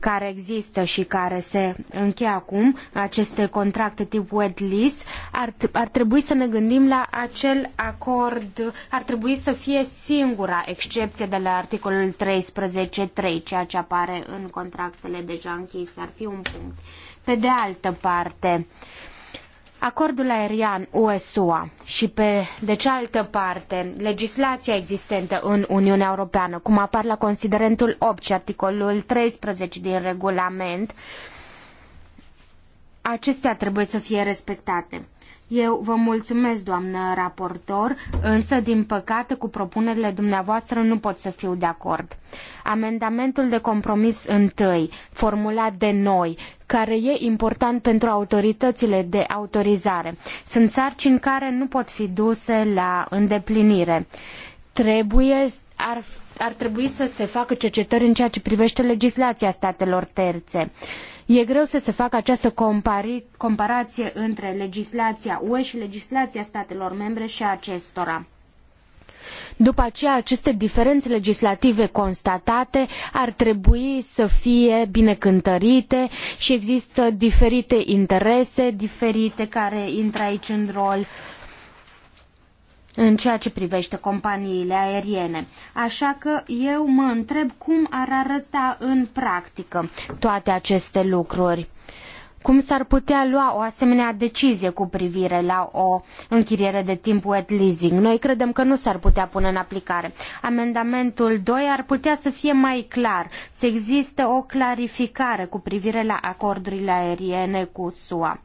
care există și care se încheie acum, aceste contracte tip wet lease, ar, ar trebui să ne gândim la acel acord, ar trebui să fie singura excepție de la articolul 13.3, ceea ce apare în contractele deja închise. Ar fi un punct. Pe de altă parte, Acordul aerian UE-SUA și pe de cealaltă parte legislația existentă în Uniunea Europeană, cum apar la considerentul 8 și articolul 13 din regulament, acestea trebuie să fie respectate. Eu vă mulțumesc, doamnă raportor, însă, din păcate, cu propunerile dumneavoastră nu pot să fiu de acord. Amendamentul de compromis întâi, formulat de noi, care e important pentru autoritățile de autorizare. Sunt sarcini care nu pot fi duse la îndeplinire. Trebuie, ar, ar trebui să se facă cercetări în ceea ce privește legislația statelor terțe. E greu să se facă această compari- comparație între legislația UE și legislația statelor membre și a acestora. După aceea, aceste diferențe legislative constatate ar trebui să fie bine cântărite și există diferite interese, diferite care intră aici în rol în ceea ce privește companiile aeriene. Așa că eu mă întreb cum ar arăta în practică toate aceste lucruri. Cum s-ar putea lua o asemenea decizie cu privire la o închiriere de timp wet leasing? Noi credem că nu s-ar putea pune în aplicare. Amendamentul 2 ar putea să fie mai clar, să existe o clarificare cu privire la acordurile aeriene cu SUA.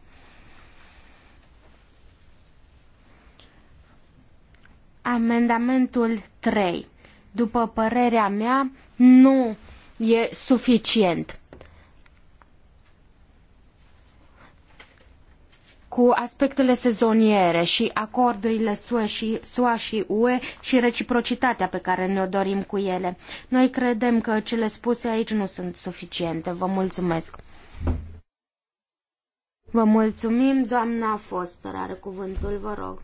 Amendamentul 3. După părerea mea, nu e suficient. cu aspectele sezoniere și acordurile SUA și, SUA și UE și reciprocitatea pe care ne-o dorim cu ele. Noi credem că cele spuse aici nu sunt suficiente. Vă mulțumesc. Vă mulțumim, doamna Foster are cuvântul, vă rog.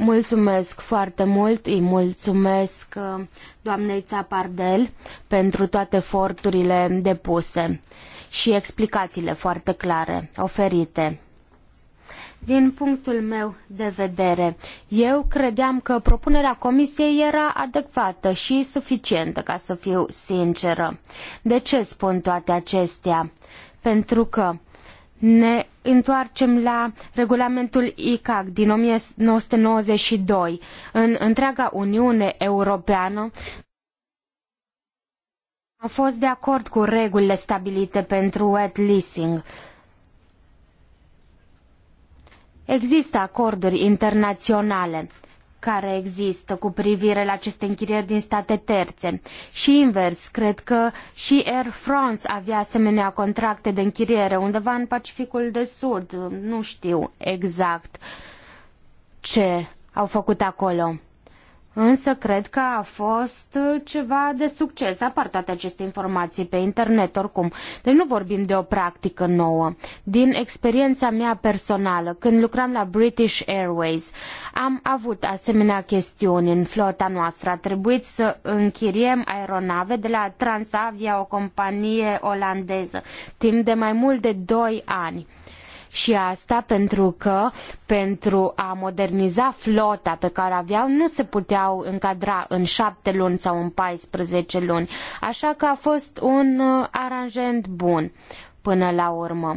Mulțumesc foarte mult, îi mulțumesc uh, doamnei Țapardel pentru toate eforturile depuse și explicațiile foarte clare oferite. Din punctul meu de vedere, eu credeam că propunerea comisiei era adecvată și suficientă, ca să fiu sinceră. De ce spun toate acestea? Pentru că ne întoarcem la regulamentul ICAC din 1992. În întreaga Uniune Europeană am fost de acord cu regulile stabilite pentru wet leasing. Există acorduri internaționale care există cu privire la aceste închirieri din state terțe. Și invers, cred că și Air France avea asemenea contracte de închiriere undeva în Pacificul de Sud. Nu știu exact ce au făcut acolo însă cred că a fost uh, ceva de succes. Apar toate aceste informații pe internet oricum. Deci nu vorbim de o practică nouă. Din experiența mea personală, când lucram la British Airways, am avut asemenea chestiuni în flota noastră. A trebuit să închiriem aeronave de la Transavia, o companie olandeză, timp de mai mult de 2 ani. Și asta pentru că pentru a moderniza flota pe care aveau nu se puteau încadra în 7 luni sau în 14 luni. Așa că a fost un uh, aranjament bun până la urmă.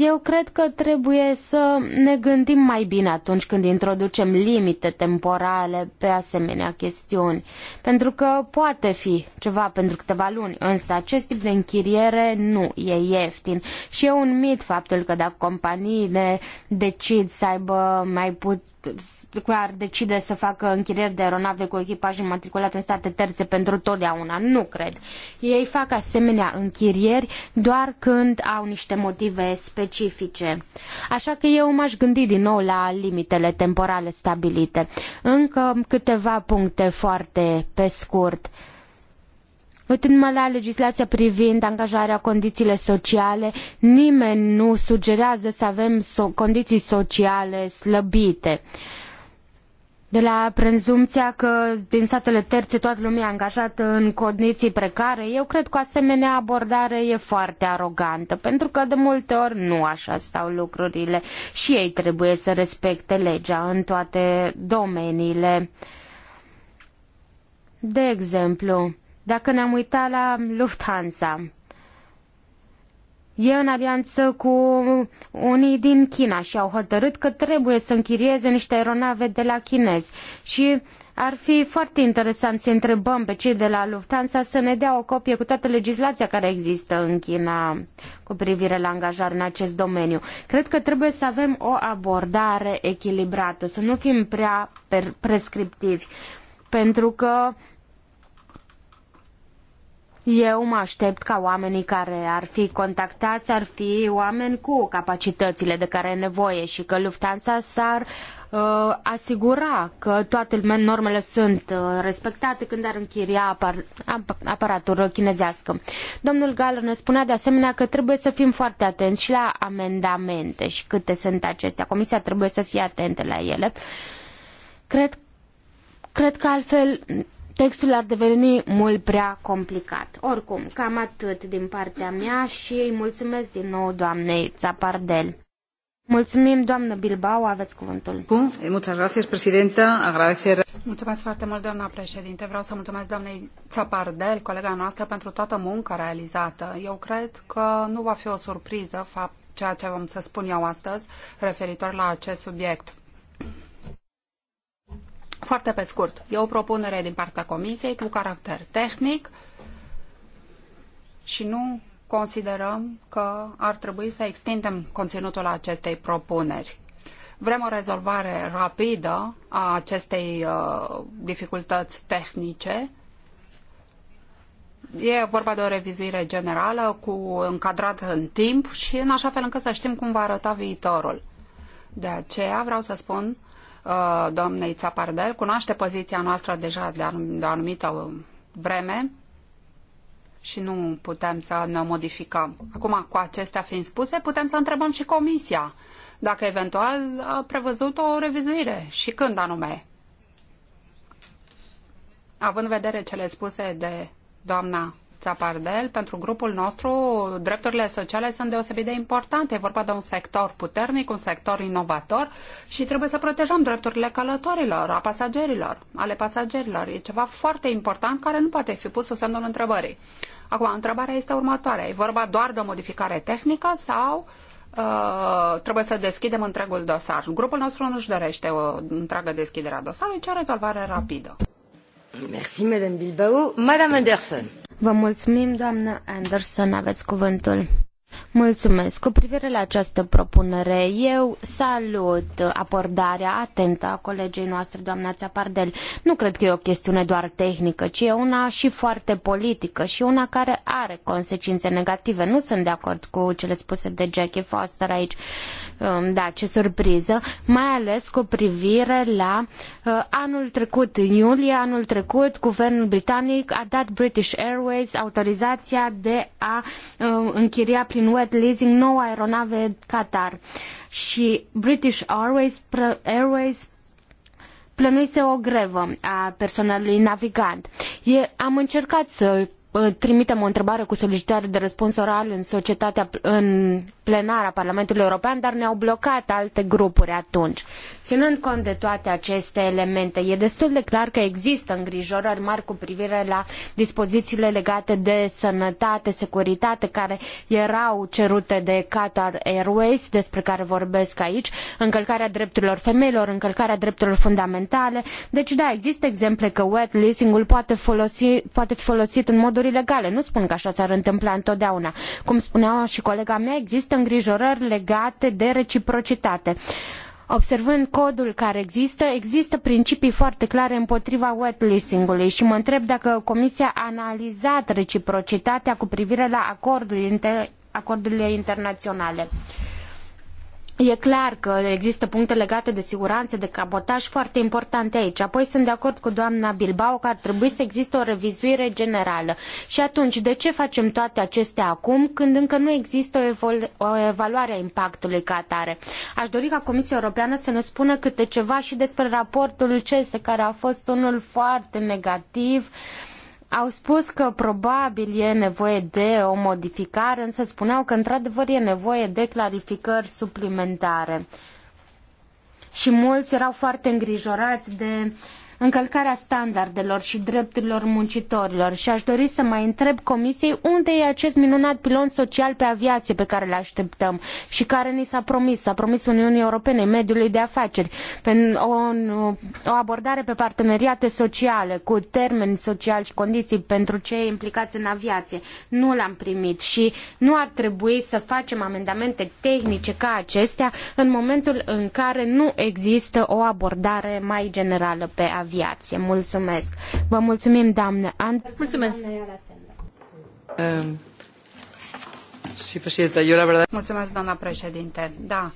Eu cred că trebuie să ne gândim mai bine atunci când introducem limite temporale pe asemenea chestiuni, pentru că poate fi ceva pentru câteva luni, însă acest tip de închiriere nu e ieftin și e un mit faptul că dacă companiile decid să aibă mai put ar decide să facă închirieri de aeronave cu echipaj înmatriculat în state terțe pentru totdeauna. Nu cred. Ei fac asemenea închirieri doar când au niște motive specifice specifice. Așa că eu m-aș gândi din nou la limitele temporale stabilite. Încă câteva puncte foarte pe scurt. Uitându-mă la legislația privind angajarea condițiile sociale, nimeni nu sugerează să avem so- condiții sociale slăbite. Uh, de la prezumția că din statele terțe toată lumea e angajată în condiții precare, eu cred că o asemenea abordare e foarte arogantă, pentru că de multe ori nu așa stau lucrurile și ei trebuie să respecte legea în toate domeniile. De exemplu, dacă ne-am uitat la Lufthansa, e în alianță cu unii din China și au hotărât că trebuie să închirieze niște aeronave de la chinezi. Și ar fi foarte interesant să întrebăm pe cei de la Lufthansa să ne dea o copie cu toată legislația care există în China cu privire la angajare în acest domeniu. Cred că trebuie să avem o abordare echilibrată, să nu fim prea prescriptivi, pentru că eu mă aștept ca oamenii care ar fi contactați ar fi oameni cu capacitățile de care e nevoie și că Lufthansa s-ar uh, asigura că toate normele sunt uh, respectate când ar închiria apar- ap- aparatură chinezească. Domnul Gală ne spunea de asemenea că trebuie să fim foarte atenți și la amendamente și câte sunt acestea. Comisia trebuie să fie atentă la ele. Cred, cred că altfel textul ar deveni mult prea complicat. Oricum, cam atât din partea mea și îi mulțumesc din nou doamnei Țapardel. Mulțumim, doamnă Bilbao, aveți cuvântul. Eh, mulțumesc foarte mult, doamna președinte. Vreau să mulțumesc doamnei Țapardel, colega noastră, pentru toată munca realizată. Eu cred că nu va fi o surpriză fapt ceea ce am să spun eu astăzi referitor la acest subiect. Foarte pe scurt, e o propunere din partea Comisiei cu caracter tehnic și nu considerăm că ar trebui să extindem conținutul acestei propuneri. Vrem o rezolvare rapidă a acestei uh, dificultăți tehnice. E vorba de o revizuire generală cu încadrat în timp și în așa fel încât să știm cum va arăta viitorul. De aceea vreau să spun uh, doamnei Țapardel, cunoaște poziția noastră deja de, de anumită vreme și nu putem să ne modificăm. Acum, cu acestea fiind spuse, putem să întrebăm și Comisia dacă eventual a prevăzut o revizuire și când anume. Având în vedere cele spuse de doamna Țapardel, pentru grupul nostru drepturile sociale sunt deosebit de importante. E vorba de un sector puternic, un sector inovator și trebuie să protejăm drepturile călătorilor, a pasagerilor, ale pasagerilor. E ceva foarte important care nu poate fi pus sub semnul întrebării. Acum, întrebarea este următoarea. E vorba doar de o modificare tehnică sau Uh, trebuie să deschidem întregul dosar. Grupul nostru nu își dorește o întreagă deschidere a dosarului, ci o rezolvare rapidă. Mulțumesc, Madame Bilbao. Madame Anderson. Vă mulțumim, doamnă Anderson, aveți cuvântul. Mulțumesc. Cu privire la această propunere, eu salut abordarea atentă a colegei noastre, doamna Țapardel. Nu cred că e o chestiune doar tehnică, ci e una și foarte politică și una care are consecințe negative. Nu sunt de acord cu cele spuse de Jackie Foster aici. Uh, Um, da, ce surpriză, mai ales cu privire la uh, anul trecut, în iulie, anul trecut, guvernul britanic a dat British Airways autorizația de a uh, închiria prin wet leasing nouă aeronave Qatar. Și British Airways, Airways plănuise o grevă a personalului navigant. E, am încercat să trimitem o întrebare cu solicitare de răspuns oral în societatea în plenara Parlamentului European, dar ne-au blocat alte grupuri atunci. Ținând cont de toate aceste elemente, e destul de clar că există îngrijorări mari cu privire la dispozițiile legate de sănătate, securitate, care erau cerute de Qatar Airways, despre care vorbesc aici, încălcarea drepturilor femeilor, încălcarea drepturilor fundamentale. Deci, da, există exemple că wet leasing-ul poate, folosi, poate fi folosit în moduri droguri ilegale. Nu spun că așa s-ar întâmpla întotdeauna. Cum spunea și colega mea, există îngrijorări legate de reciprocitate. Observând codul care există, există principii foarte clare împotriva wetleasing-ului și mă întreb dacă Comisia a analizat reciprocitatea cu privire la acordurile, inter acordurile internaționale. E clar că există puncte legate de siguranță, de cabotaj foarte importante aici. Apoi sunt de acord cu doamna Bilbao că ar trebui să existe o revizuire generală. Și atunci, de ce facem toate acestea acum când încă nu există o, o evaluare a impactului ca atare? Aș dori ca Comisia Europeană să ne spună câte ceva și despre raportul CESE, care a fost unul foarte negativ. Uh, au spus că probabil e nevoie de o modificare, însă spuneau că într-adevăr e nevoie de clarificări suplimentare. Și mulți erau foarte îngrijorați de uh, încălcarea standardelor și drepturilor muncitorilor și aș dori să mai întreb Comisiei unde e acest minunat pilon social pe aviație pe care îl așteptăm și care ni s-a promis, s-a promis Uniunii Europene, mediului de afaceri, o, o abordare pe parteneriate sociale cu termeni sociali și condiții pentru cei implicați în aviație. Nu l-am primit și nu ar trebui să facem amendamente tehnice ca acestea în momentul în care nu există o abordare mai generală pe aviație aviație. Mulțumesc. Vă mulțumim, doamnă Anderson. Mulțumesc. Doamne, Mulțumesc, doamna președinte. Da,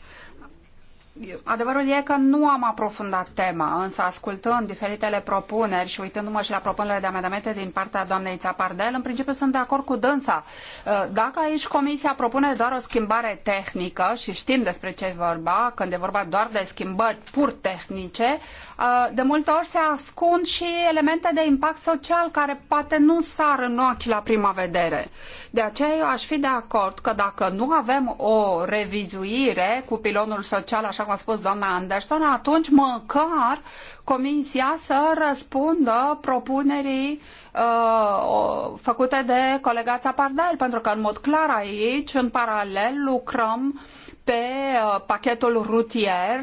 Adevărul e că nu am aprofundat tema, însă ascultând diferitele propuneri și uitându-mă și la propunerile de amendamente din partea doamnei Țapardel, în principiu sunt de acord cu dânsa. Uh, dacă aici Comisia propune doar o schimbare tehnică și știm despre ce e vorba, când e vorba doar de schimbări pur tehnice, uh, de multe ori se ascund și elemente de impact social care poate nu sar în ochi la prima vedere. De aceea eu aș fi de acord că dacă nu avem o revizuire cu pilonul social așa așa cum a spus doamna Anderson, atunci măcar Comisia să răspundă propunerii uh, făcute de colegața Pardel, pentru că în mod clar aici, în paralel, lucrăm pe uh, pachetul rutier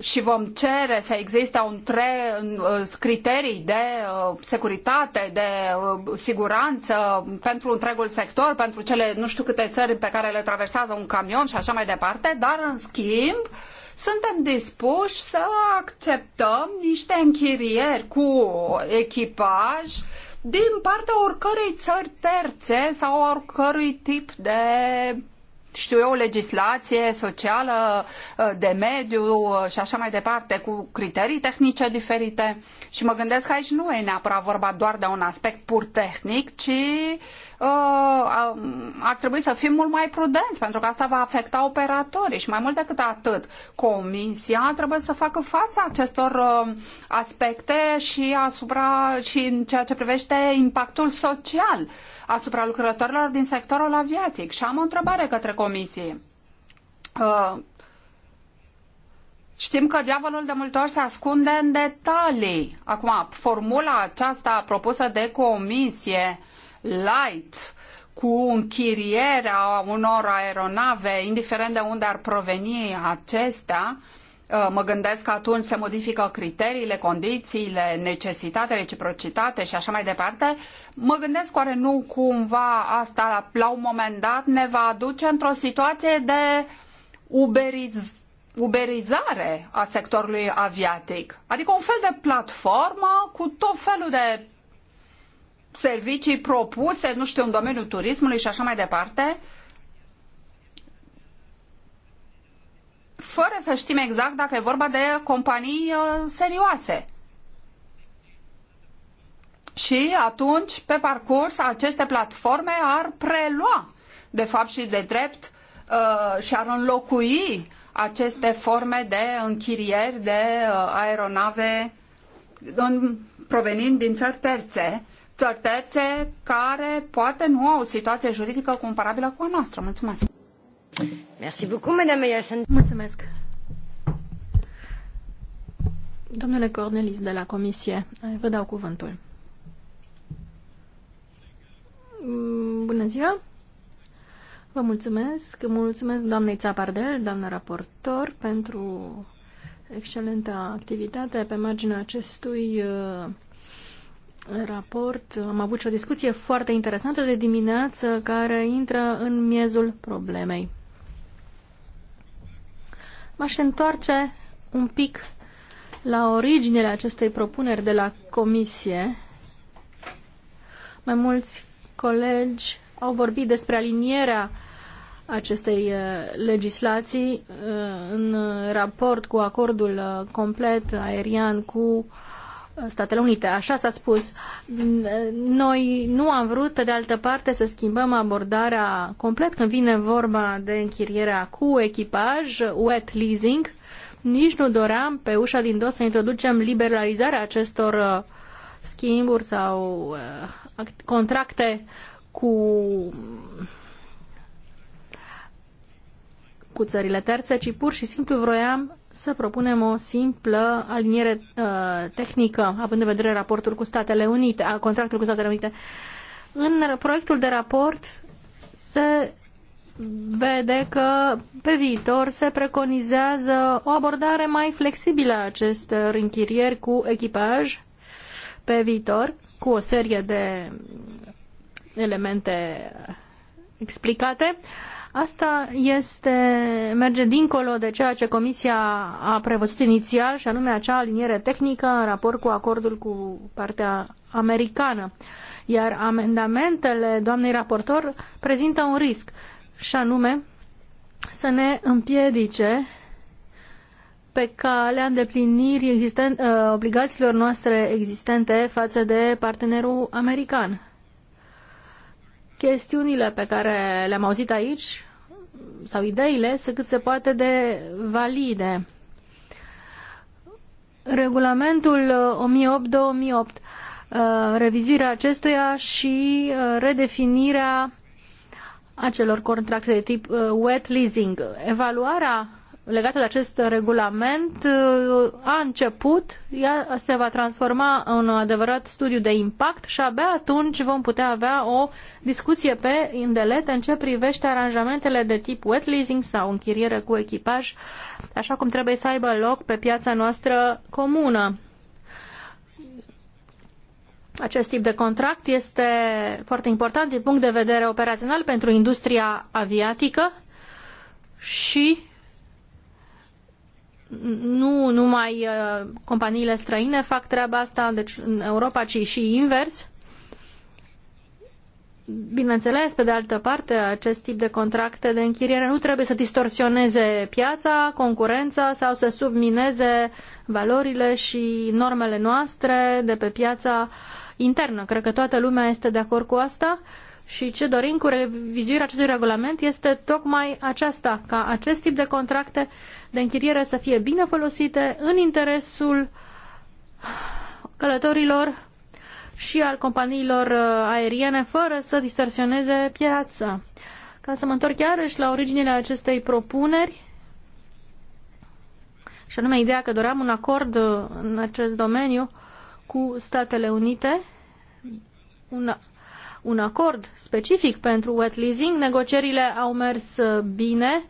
și vom cere să existe un tre, uh, criterii de uh, securitate, de uh, siguranță pentru întregul sector, pentru cele nu știu câte țări pe care le traversează un camion și așa mai departe, dar în schimb suntem dispuși să acceptăm niște închirieri cu echipaj din partea oricărei țări terțe sau oricărui tip de știu eu, legislație socială, ă, de mediu ă, și așa mai departe, cu criterii tehnice diferite. Și mă gândesc că aici nu e neapărat vorba doar de un aspect pur tehnic, ci Ă, ar trebui să fim mult mai prudenți, pentru că asta va afecta operatorii și mai mult decât atât, comisia trebuie să facă fața acestor ă, aspecte și asupra și în ceea ce privește impactul social asupra lucrătorilor din sectorul aviatic. Și am o întrebare către comisie. Ă, știm că diavolul de multe ori se ascunde în detalii. Acum, formula aceasta propusă de comisie light cu închirierea unor aeronave, indiferent de unde ar proveni acestea, uh, mă gândesc că atunci se modifică criteriile, condițiile, necesitatea, reciprocitate și așa mai departe, mă gândesc oare nu cumva asta la un moment dat ne va aduce într-o situație de uberiz uberizare a sectorului aviatic, adică un fel de platformă cu tot felul de servicii propuse, nu știu, în domeniul turismului și așa mai departe, fără să știm exact dacă e vorba de companii uh, serioase. Și atunci, pe parcurs, aceste platforme ar prelua, de fapt și de drept, uh, și ar înlocui aceste forme de închirieri de uh, aeronave provenind din țări terțe țări terțe care poate nu au o situație juridică comparabilă cu a noastră. Mulțumesc! Merci beaucoup, Madame Yassen. Mulțumesc! Domnule Cornelis de la Comisie, vă dau cuvântul. Bună ziua! Vă mulțumesc! Mulțumesc doamnei Țapardel, doamna raportor, pentru excelentă activitate pe marginea acestui uh, raport am avut și o discuție foarte interesantă de dimineață care intră în miezul problemei. M-aș întoarce un pic la originele acestei propuneri de la Comisie. Mai mulți colegi au vorbit despre alinierea acestei uh, legislații uh, în raport cu acordul uh, complet aerian cu uh, Statele Unite. Așa s-a spus. Noi nu am vrut, pe de altă parte, să schimbăm abordarea complet când vine vorba de închirierea cu echipaj, wet leasing. Nici nu doream pe ușa din dos să introducem liberalizarea acestor uh, schimburi sau uh, contracte cu cu țările terțe, ci pur și simplu vroiam să propunem o simplă aliniere uh, tehnică, având în vedere raportul cu Statele Unite, contractul cu Statele Unite. În proiectul de raport se vede că pe viitor se preconizează o abordare mai flexibilă a acestor închirieri cu echipaj pe viitor, cu o serie de elemente explicate. Uh, Asta este, merge dincolo de ceea ce Comisia a prevăzut inițial și anume acea aliniere tehnică în raport cu acordul cu partea americană. Iar amendamentele doamnei raportor prezintă un risc și anume să ne împiedice pe calea îndeplinirii existen, uh, obligațiilor noastre existente față de partenerul american chestiunile pe care le-am auzit aici sau ideile sunt cât se poate de valide. Regulamentul 1008-2008, uh, uh, revizuirea acestuia și uh, redefinirea acelor contracte de tip wet leasing. Evaluarea legată de acest regulament a început, ea se va transforma în un adevărat studiu de impact și abia atunci vom putea avea o discuție pe indelet în ce privește aranjamentele de tip wet leasing sau închiriere cu echipaj, așa cum trebuie să aibă loc pe piața noastră comună. Acest tip de contract este foarte important din punct de vedere operațional pentru industria aviatică și nu numai uh, companiile străine fac treaba asta, deci în Europa, ci și invers. Bineînțeles, pe de altă parte, acest tip de contracte de închiriere nu trebuie să distorsioneze piața, concurența sau să submineze valorile și normele noastre de pe piața internă. Cred că toată lumea este de acord cu asta. Uh, și ce dorim cu revizuirea acestui regulament este tocmai aceasta, ca acest tip de contracte de închiriere să fie bine folosite în interesul călătorilor și al companiilor uh, aeriene, fără să distorsioneze piața. Ca să mă întorc iarăși la originile acestei propuneri, și anume ideea că doream un acord uh, în acest domeniu cu Statele Unite, un un acord specific pentru wet leasing. Negocierile au mers uh, bine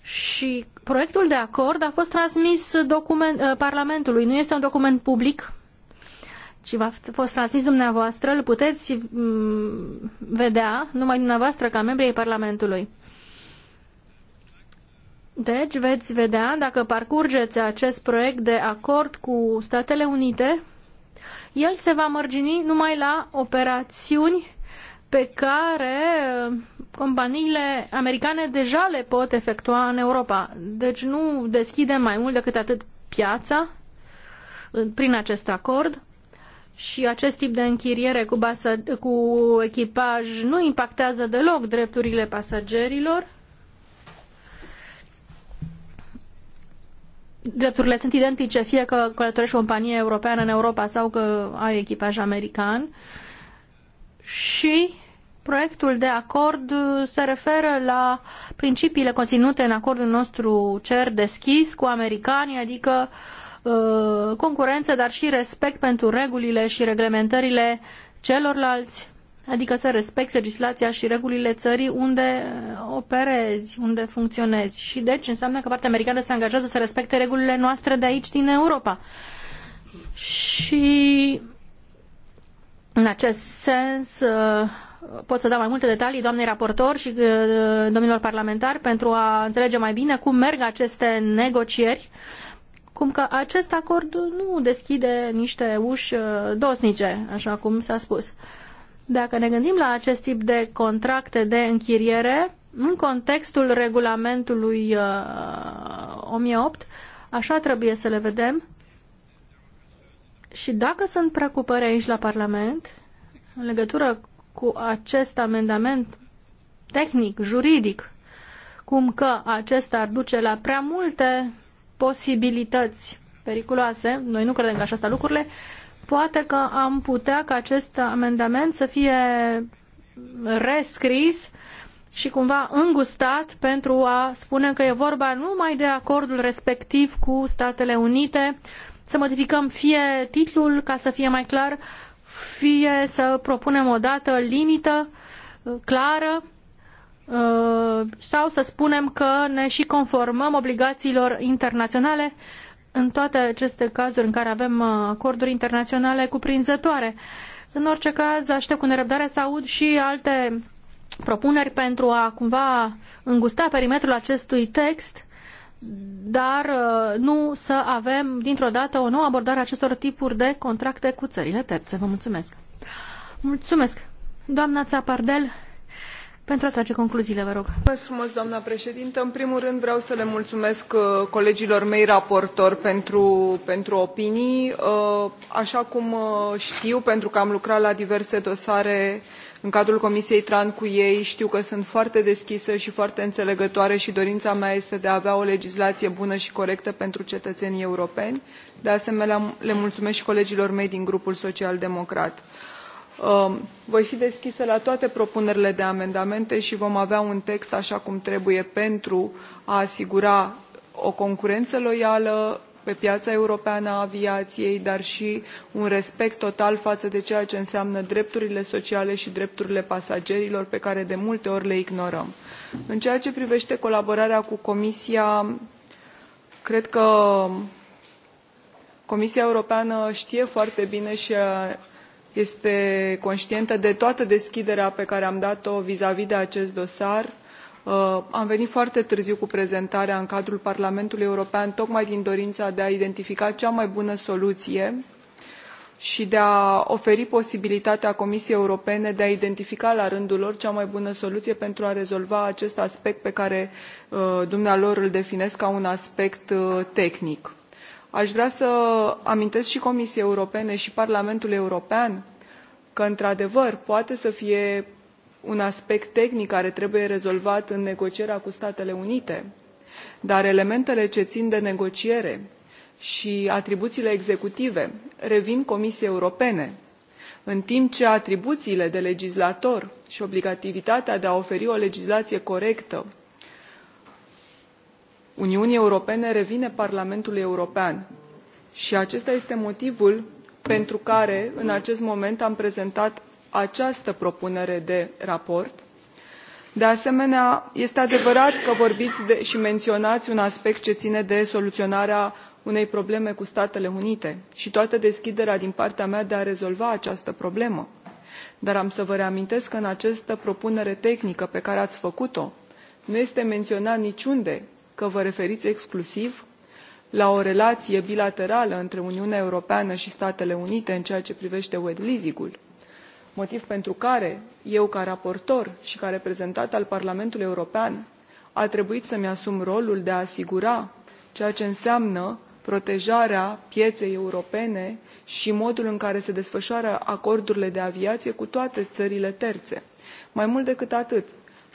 și proiectul de acord a fost transmis document, uh, Parlamentului. Nu este un document public, ci a fost transmis dumneavoastră. Îl puteți mm, vedea numai dumneavoastră ca membrii Parlamentului. Deci veți vedea, dacă parcurgeți acest proiect de acord cu Statele Unite, el se va mărgini numai la operațiuni pe care uh, companiile americane deja le pot efectua în Europa. Deci nu deschidem mai mult decât atât piața uh, prin acest acord și acest tip de închiriere cu, basă, cu echipaj nu impactează deloc drepturile pasagerilor drepturile sunt identice, fie că călătorești o companie europeană în Europa sau că ai echipaj american. Și proiectul de acord se referă la principiile conținute în acordul nostru cer deschis cu americanii, adică ă, concurență, dar și respect pentru regulile și reglementările celorlalți adică să respecti legislația și regulile țării unde operezi, unde funcționezi. Și deci înseamnă că partea americană se angajează să respecte regulile noastre de aici din Europa. Și în acest sens pot să dau mai multe detalii doamnei raportor și uh, domnilor parlamentari pentru a înțelege mai bine cum merg aceste negocieri cum că acest acord nu deschide niște uși uh, dosnice, așa cum s-a spus. Dacă ne gândim la acest tip de contracte de închiriere, în contextul regulamentului uh, 1008, așa trebuie să le vedem. Și dacă sunt preocupări aici la Parlament, în legătură cu acest amendament tehnic, juridic, cum că acesta ar duce la prea multe posibilități periculoase, noi nu credem că așa sta lucrurile, uh, Poate că am putea ca acest amendament să fie rescris și cumva îngustat pentru a spune că e vorba numai de acordul respectiv cu Statele Unite, să modificăm fie titlul ca să fie mai clar, fie să propunem o dată limită clară uh, sau să spunem că ne și conformăm obligațiilor internaționale în toate aceste cazuri în care avem uh, acorduri internaționale cuprinzătoare. În orice caz, aștept cu nerăbdare să aud și alte propuneri pentru a cumva îngusta perimetrul acestui text, dar uh, nu să avem dintr-o dată o nouă abordare a acestor tipuri de contracte cu țările terțe. Vă mulțumesc! Mulțumesc! Doamna Țapardel, pentru a trage concluziile, vă rog. Mulțumesc, doamna președintă. În primul rând vreau să le mulțumesc uh, colegilor mei raportori pentru, pentru opinii. Uh, așa cum uh, știu, pentru că am lucrat la diverse dosare în cadrul Comisiei TRAN cu ei, știu că sunt foarte deschisă și foarte înțelegătoare și dorința mea este de a avea o legislație bună și corectă pentru cetățenii europeni. De asemenea, le mulțumesc și colegilor mei din grupul social-democrat. Uh, Um, voi fi deschisă la toate propunerile de amendamente și vom avea un text așa cum trebuie pentru a asigura o concurență loială pe piața europeană a aviației, dar și un respect total față de ceea ce înseamnă drepturile sociale și drepturile pasagerilor, pe care de multe ori le ignorăm. În ceea ce privește colaborarea cu Comisia, cred că Comisia Europeană știe foarte bine și este conștientă de toată deschiderea pe care am dat o vizavi de acest dosar. Uh, am venit foarte târziu cu prezentarea în cadrul Parlamentului European, tocmai din dorința de a identifica cea mai bună soluție și de a oferi posibilitatea Comisiei Europene de a identifica la rândul lor cea mai bună soluție pentru a rezolva acest aspect pe care uh, dumnealor îl definesc ca un aspect uh, tehnic aș vrea să amintesc și Comisiei Europene și Parlamentului European că, într-adevăr, poate să fie un aspect tehnic care trebuie rezolvat în negocierea cu Statele Unite, dar elementele ce țin de negociere și atribuțiile executive revin Comisiei Europene, în timp ce atribuțiile de legislator și obligativitatea de a oferi o legislație corectă Uniunii Europene revine Parlamentului European. Și acesta este motivul pentru care, în acest moment, am prezentat această propunere de raport. De asemenea, este adevărat că vorbiți de, și menționați un aspect ce ține de soluționarea unei probleme cu Statele Unite și toată deschiderea din partea mea de a rezolva această problemă. Dar am să vă reamintesc că în această propunere tehnică pe care ați făcut-o, nu este menționat niciunde că vă referiți exclusiv la o relație bilaterală între Uniunea Europeană și Statele Unite în ceea ce privește wet leasing-ul, motiv pentru care eu, ca raportor și ca reprezentant al Parlamentului European, a trebuit să-mi asum rolul de a asigura ceea ce înseamnă protejarea pieței europene și modul în care se desfășoară acordurile de aviație cu toate țările terțe. Mai mult decât atât,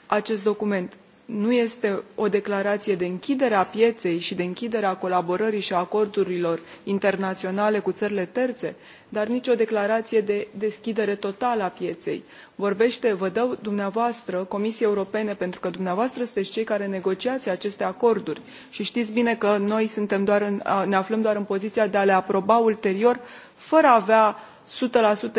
acest document nu este o declarație de închidere a pieței și de închidere a colaborării și a acordurilor internaționale cu țările terțe, dar nici o declarație de deschidere totală a pieței. Vorbește, vă dau dumneavoastră, Comisiei Europene, pentru că dumneavoastră sunteți cei care negociați aceste acorduri și știți bine că noi suntem doar în, ne aflăm doar în poziția de a le aproba ulterior, fără a avea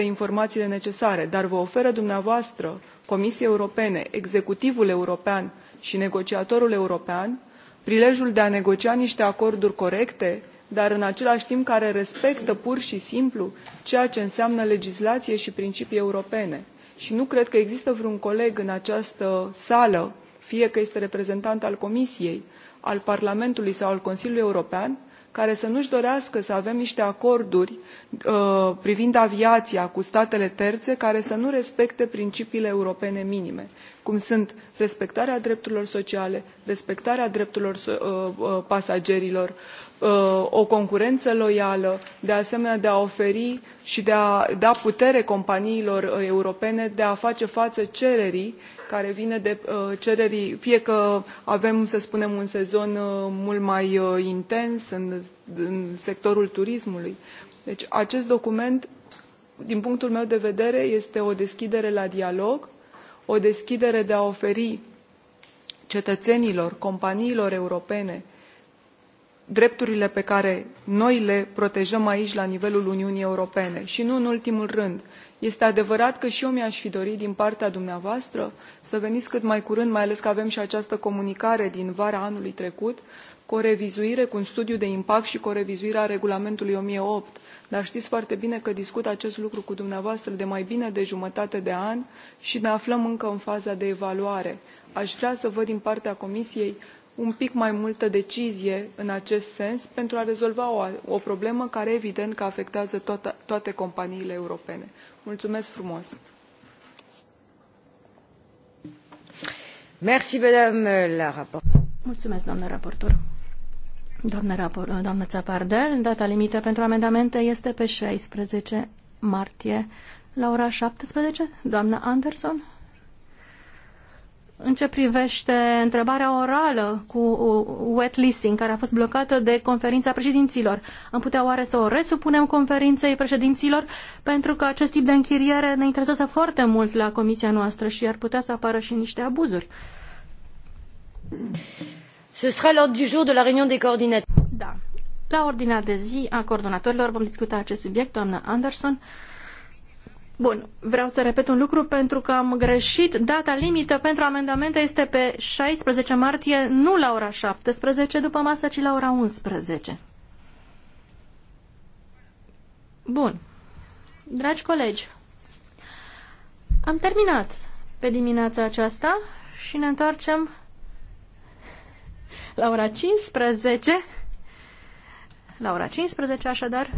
100% informațiile necesare, dar vă oferă dumneavoastră, Comisiei Europene, Executivul European, și negociatorul european prilejul de a negocia niște acorduri corecte dar în același timp care respectă pur și simplu ceea ce înseamnă legislație și principii europene. Și nu cred că există vreun coleg în această sală, fie că este reprezentant al Comisiei, al Parlamentului sau al Consiliului European, care să nu-și dorească să avem niște acorduri uh, privind aviația cu statele terțe care să nu respecte principiile europene minime, cum sunt respectarea drepturilor sociale, respectarea drepturilor so uh, uh pasagerilor, Uh, o concurență loială, de asemenea de a oferi și de a da putere companiilor uh, europene de a face față cererii care vine de uh, cererii, fie că avem, să spunem, un sezon mult mai intens în, în sectorul turismului. Deci acest document, din punctul meu de vedere, este o deschidere la dialog, o deschidere de a oferi cetățenilor, companiilor europene, drepturile pe care noi le protejăm aici la nivelul uniunii europene și nu în ultimul rând este adevărat că și eu mi aș fi dorit din partea dumneavoastră să veniți cât mai curând mai ales că avem și această comunicare din vara anului trecut cu o revizuire cu un studiu de impact și cu o revizuire a regulamentului o mie opt dar știți foarte bine că discut acest lucru cu dumneavoastră de mai bine de jumătate de an și ne aflăm încă în faza de evaluare. aș vrea să văd din partea comisiei un pic mai multă decizie în acest sens pentru a rezolva o, o problemă care evident că afectează toată, toate companiile europene. Mulțumesc frumos! Merci, madame la Mulțumesc, doamnă raportor. Doamnă, rapor, doamnă Țapardel, data limită pentru amendamente este pe 16 martie la ora 17. Doamna Anderson? În ce privește întrebarea orală cu wet leasing, care a fost blocată de conferința președinților, am putea oare să o resupunem conferinței președinților? Pentru că acest tip de închiriere ne interesează foarte mult la comisia noastră și ar putea să apară și niște abuzuri. Ce sera l'ordre du jour de la réunion des coordinateurs. Da. La ordinea de zi a coordonatorilor vom discuta acest subiect, doamna Anderson. Bun, vreau să repet un lucru pentru că am greșit. Data limită pentru amendamente este pe 16 martie, nu la ora 17 după masă, ci la ora 11. Bun. Dragi colegi, am terminat pe dimineața aceasta și ne întoarcem la ora 15. La ora 15, așadar,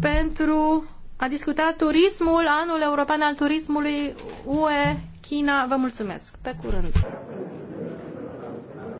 pentru a discuta turismul, anul european al turismului UE China. Vă mulțumesc. Pe curând.